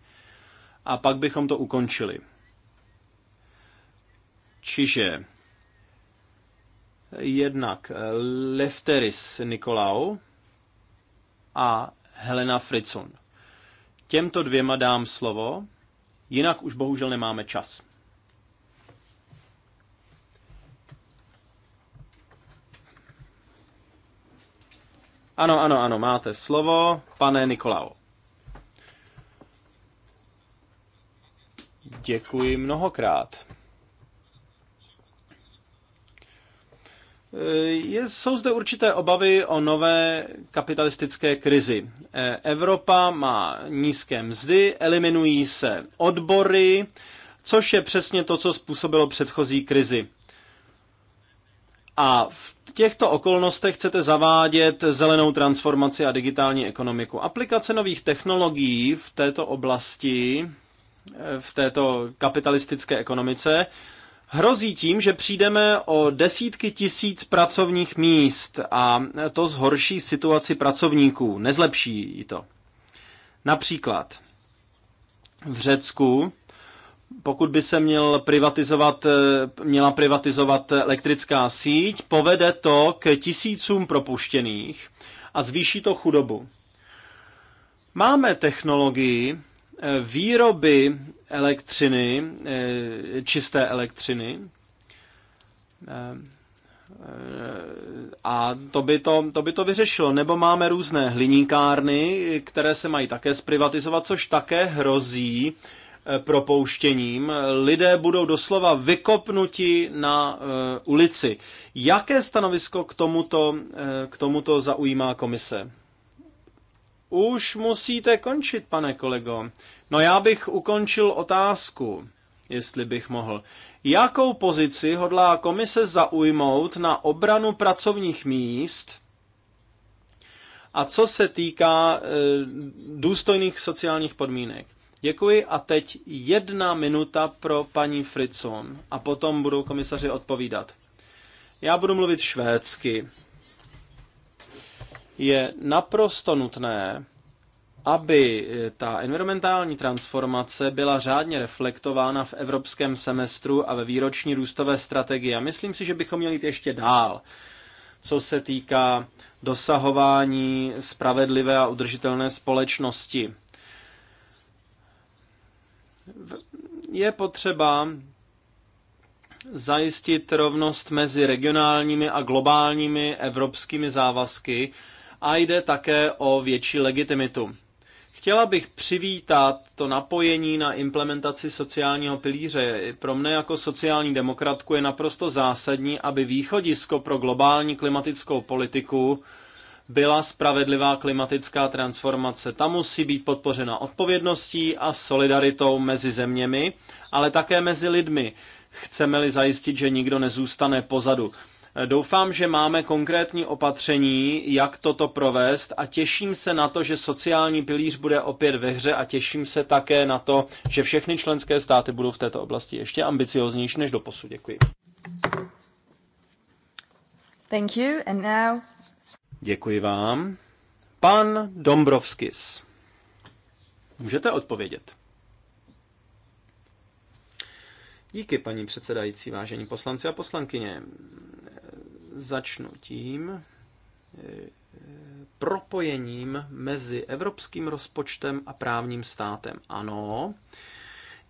a pak bychom to ukončili. Čiže jednak Lefteris Nikolau a Helena Fritzon. Těmto dvěma dám slovo, jinak už bohužel nemáme čas. Ano, ano, ano, máte slovo, pane Nikolao. Děkuji mnohokrát. Je, jsou zde určité obavy o nové kapitalistické krizi. E, Evropa má nízké mzdy, eliminují se odbory, což je přesně to, co způsobilo předchozí krizi. A v těchto okolnostech chcete zavádět zelenou transformaci a digitální ekonomiku. Aplikace nových technologií v této oblasti, e, v této kapitalistické ekonomice, hrozí tím, že přijdeme o desítky tisíc pracovních míst a to zhorší situaci pracovníků, nezlepší ji to. Například v Řecku, pokud by se měl privatizovat, měla privatizovat elektrická síť, povede to k tisícům propuštěných a zvýší to chudobu. Máme technologii, výroby elektřiny, eh, čisté elektřiny, eh, a to by to, to by to vyřešilo. Nebo máme různé hliníkárny, které se mají také zprivatizovat, což také hrozí eh, propouštěním. Lidé budou doslova vykopnuti na ulici. Jaké stanovisko k tomuto, k tomuto zaujímá komise? Už musíte končit, pane kolego. No já bych ukončil otázku, jestli bych mohl. Jakou pozici hodlá komise zaujmout na obranu pracovních míst a co se týká e, důstojných sociálních podmínek? Děkuji a teď jedna minuta pro paní Fritzon a potom budou komisaři odpovídat. Já budu mluvit švédsky je naprosto nutné, aby eh, ta environmentální transformace byla řádně reflektována v evropském semestru a ve výroční růstové strategii. A myslím si, že bychom měli jít ještě dál, co se týká dosahování spravedlivé a udržitelné společnosti. Je potřeba zajistit rovnost mezi regionálními a globálními evropskými závazky, a jde také o větší legitimitu. Chtěla bych přivítat to napojení na implementaci sociálního pilíře. Pro mne jako sociální demokratku je naprosto zásadní, aby východisko pro globální klimatickou politiku byla spravedlivá klimatická transformace. Ta musí být podpořena odpovědností a solidaritou mezi zeměmi, ale také mezi lidmi. Chceme-li zajistit, že nikdo nezůstane pozadu. Doufám, že máme konkrétní opatření, jak toto provést a těším se na to, že sociální pilíř bude opět ve hře a těším se také na to, že všechny členské státy budou v této oblasti ještě ambicioznější než do posud. Děkuji. Thank you and now... Děkuji vám. Pan Dombrovskis. Můžete odpovědět. Díky, paní předsedající, vážení poslanci a poslankyně. Začnu tím e, propojením mezi evropským rozpočtem a právním státem. Ano,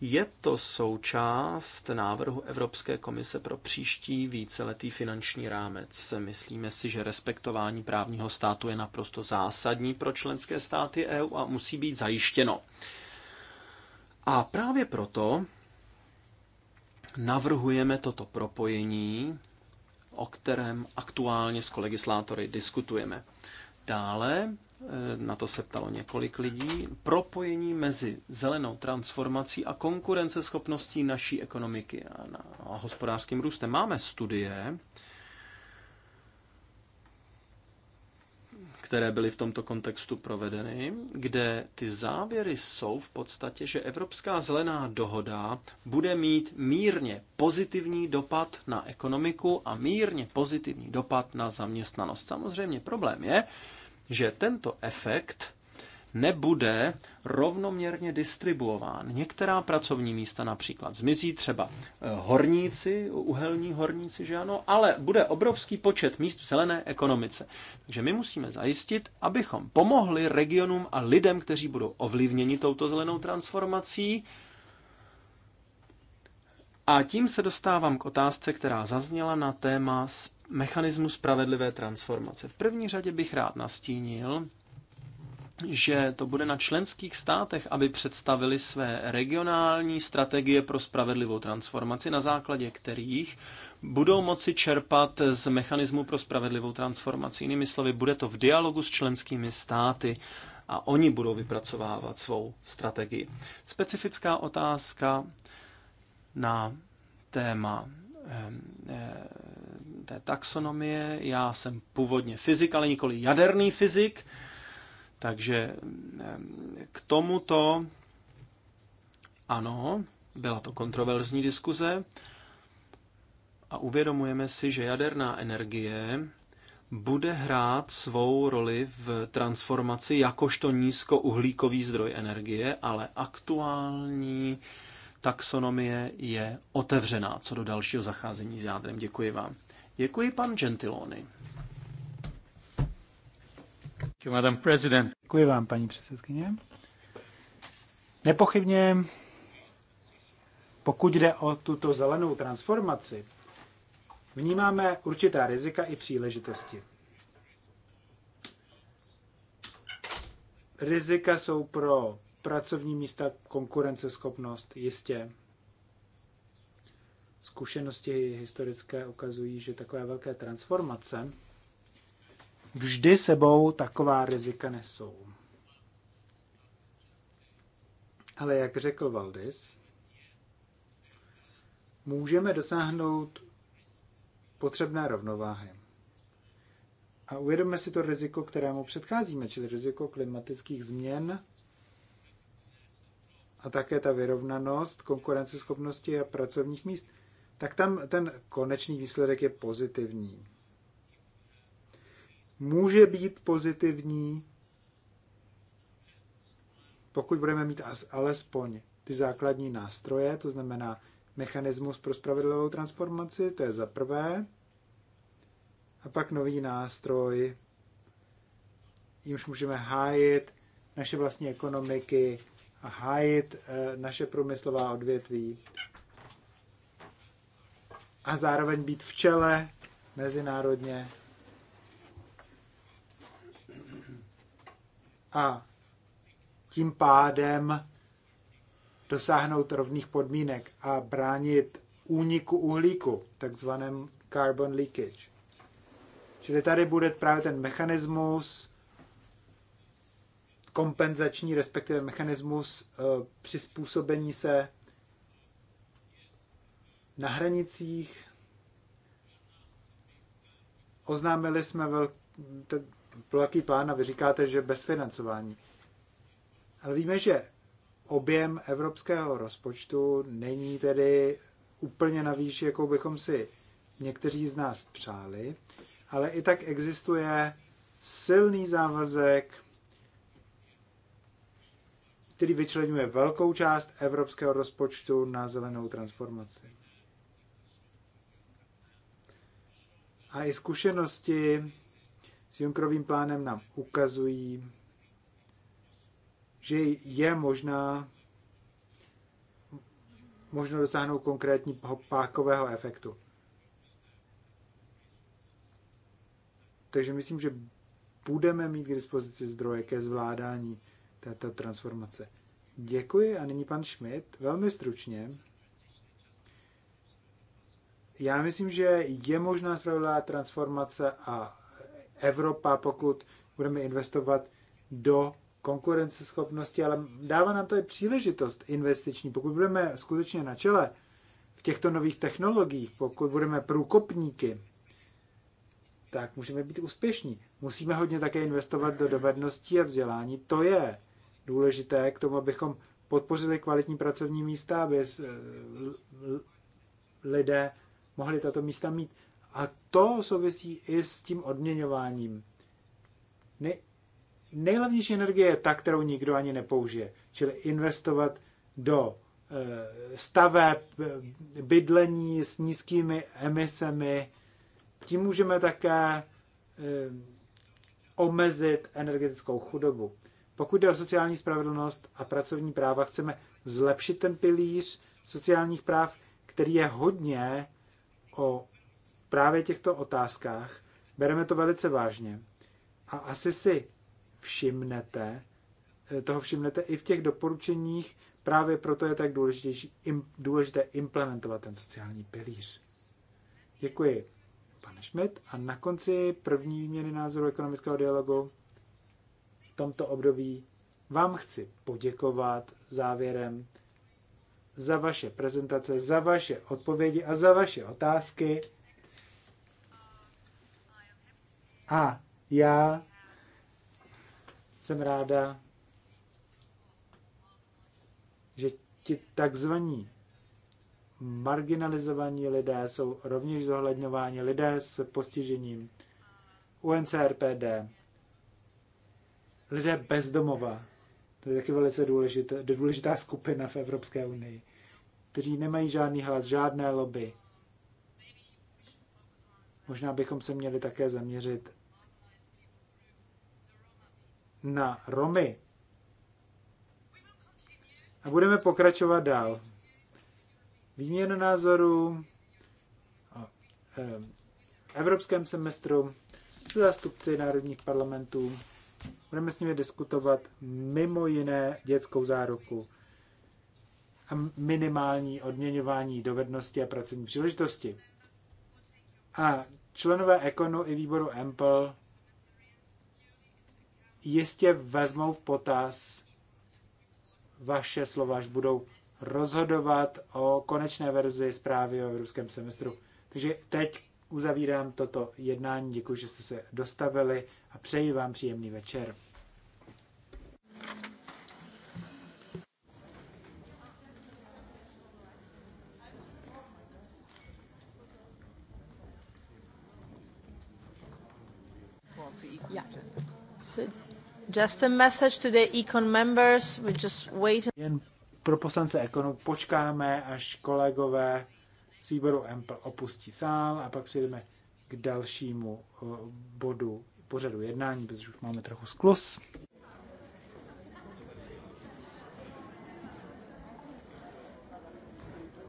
je to součást návrhu Evropské komise pro příští víceletý finanční rámec. Myslíme si, že respektování právního státu je naprosto zásadní pro členské státy EU a musí být zajištěno. A právě proto navrhujeme toto propojení o kterém aktuálně s kolegislátory diskutujeme. Dále, eh, na to se ptalo několik lidí, propojení mezi zelenou transformací a konkurenceschopností naší ekonomiky a, na, a hospodářským růstem. Máme studie, které byly v tomto kontextu provedeny, kde ty závěry jsou v podstatě, že Evropská zelená dohoda bude mít mírně pozitivní dopad na ekonomiku a mírně pozitivní dopad na zaměstnanost. Samozřejmě problém je, že tento efekt nebude rovnoměrně distribuován. Některá pracovní místa například zmizí třeba eh, horníci, uhelní horníci, že ano, ale bude obrovský počet míst v zelené ekonomice. Takže my musíme zajistit, abychom pomohli regionům a lidem, kteří budou ovlivněni touto zelenou transformací, a tím se dostávám k otázce, která zazněla na téma mechanismu spravedlivé transformace. V první řadě bych rád nastínil, že to bude na členských státech, aby představili své regionální strategie pro spravedlivou transformaci, na základě kterých budou moci čerpat z mechanismu pro spravedlivou transformaci. Jinými slovy, bude to v dialogu s členskými státy a oni budou vypracovávat svou strategii. Specifická otázka na téma ehm, eh, té taxonomie. Já jsem původně fyzik, ale nikoli jaderný fyzik. Takže k tomuto ano, byla to kontroverzní diskuze a uvědomujeme si, že jaderná energie bude hrát svou roli v transformaci jakožto nízkouhlíkový zdroj energie, ale aktuální taxonomie je otevřená co do dalšího zacházení s jádrem. Děkuji vám. Děkuji pan Gentiloni. Děkuji vám, paní předsedkyně. Nepochybně, pokud jde o tuto zelenou transformaci, vnímáme určitá rizika i příležitosti. Rizika jsou pro pracovní místa, konkurenceschopnost, jistě. Zkušenosti historické ukazují, že takové velké transformace vždy sebou taková rizika nesou. Ale jak řekl Valdis, můžeme dosáhnout potřebné rovnováhy. A uvědomme si to riziko, kterému předcházíme, čili riziko klimatických změn a také ta vyrovnanost konkurenceschopnosti a pracovních míst, tak tam ten konečný výsledek je pozitivní může být pozitivní, pokud budeme mít alespoň ty základní nástroje, to znamená mechanismus pro spravedlivou transformaci, to je za prvé, a pak nový nástroj, jimž můžeme hájit naše vlastní ekonomiky a hájit eh, naše průmyslová odvětví a zároveň být v čele mezinárodně a tím pádem dosáhnout rovných podmínek a bránit úniku uhlíku, takzvaném carbon leakage. Čili tady bude právě ten mechanismus kompenzační, respektive mechanismus e, přizpůsobení se na hranicích. Oznámili jsme velký velký plán a vy říkáte, že bez financování. Ale víme, že objem evropského rozpočtu není tedy úplně na výši, jakou bychom si někteří z nás přáli, ale i tak existuje silný závazek, který vyčlenuje velkou část evropského rozpočtu na zelenou transformaci. A i zkušenosti s Junkrovým plánem nám ukazují, že je možná možno dosáhnout konkrétního pákového efektu. Takže myslím, že budeme mít k dispozici zdroje ke zvládání této transformace. Děkuji a nyní pan Schmidt, velmi stručně. Já myslím, že je možná spravedlivá transformace a Evropa, pokud budeme investovat do konkurenceschopnosti, ale dává nám to i příležitost investiční. Pokud budeme skutečně na čele v těchto nových technologiích, pokud budeme průkopníky, tak můžeme být úspěšní. Musíme hodně také investovat do dovedností a vzdělání. To je důležité k tomu, abychom podpořili kvalitní pracovní místa, aby lidé mohli tato místa mít. A to souvisí i s tím odměňováním. Ne, nejlevnější energie je ta, kterou nikdo ani nepoužije. Čili investovat do eh, staveb, bydlení s nízkými emisemi. Tím můžeme také eh, omezit energetickou chudobu. Pokud jde o sociální spravedlnost a pracovní práva, chceme zlepšit ten pilíř sociálních práv, který je hodně o právě těchto otázkách. Bereme to velice vážně. A asi si všimnete, eh, toho všimnete i v těch doporučeních, právě proto je tak důležitější, im, důležité implementovat ten sociální pilíř. Děkuji, pane Schmidt. A na konci první výměny názoru ekonomického dialogu v tomto období vám chci poděkovat závěrem za vaše prezentace, za vaše odpovědi a za vaše otázky. A já jsem ráda, že ti takzvaní marginalizovaní lidé jsou rovněž zohledňováni, lidé s postižením UNCRPD, lidé bezdomova, to je taky velice důležitá, důležitá skupina v Evropské unii, kteří nemají žádný hlas, žádné lobby. Možná bychom se měli také zaměřit na Romy. A budeme pokračovat dál. Výměna názorů o evropském semestru zástupci národních parlamentů. Budeme s nimi diskutovat mimo jiné dětskou záruku a minimální odměňování dovednosti a pracovní příležitosti. A členové Ekonu i výboru Ample jistě vezmou v potaz vaše slova, až budou rozhodovat o konečné verzi zprávy o evropském semestru. Takže teď uzavírám toto jednání. Děkuji, že jste se dostavili a přeji vám příjemný večer. Just a message to the econ members, we just wait. Jen pro poslance ekonu počkáme, až kolegové z výboru EMPL opustí sál a pak přijdeme k dalšímu eh, bodu pořadu jednání, protože už máme trochu sklus.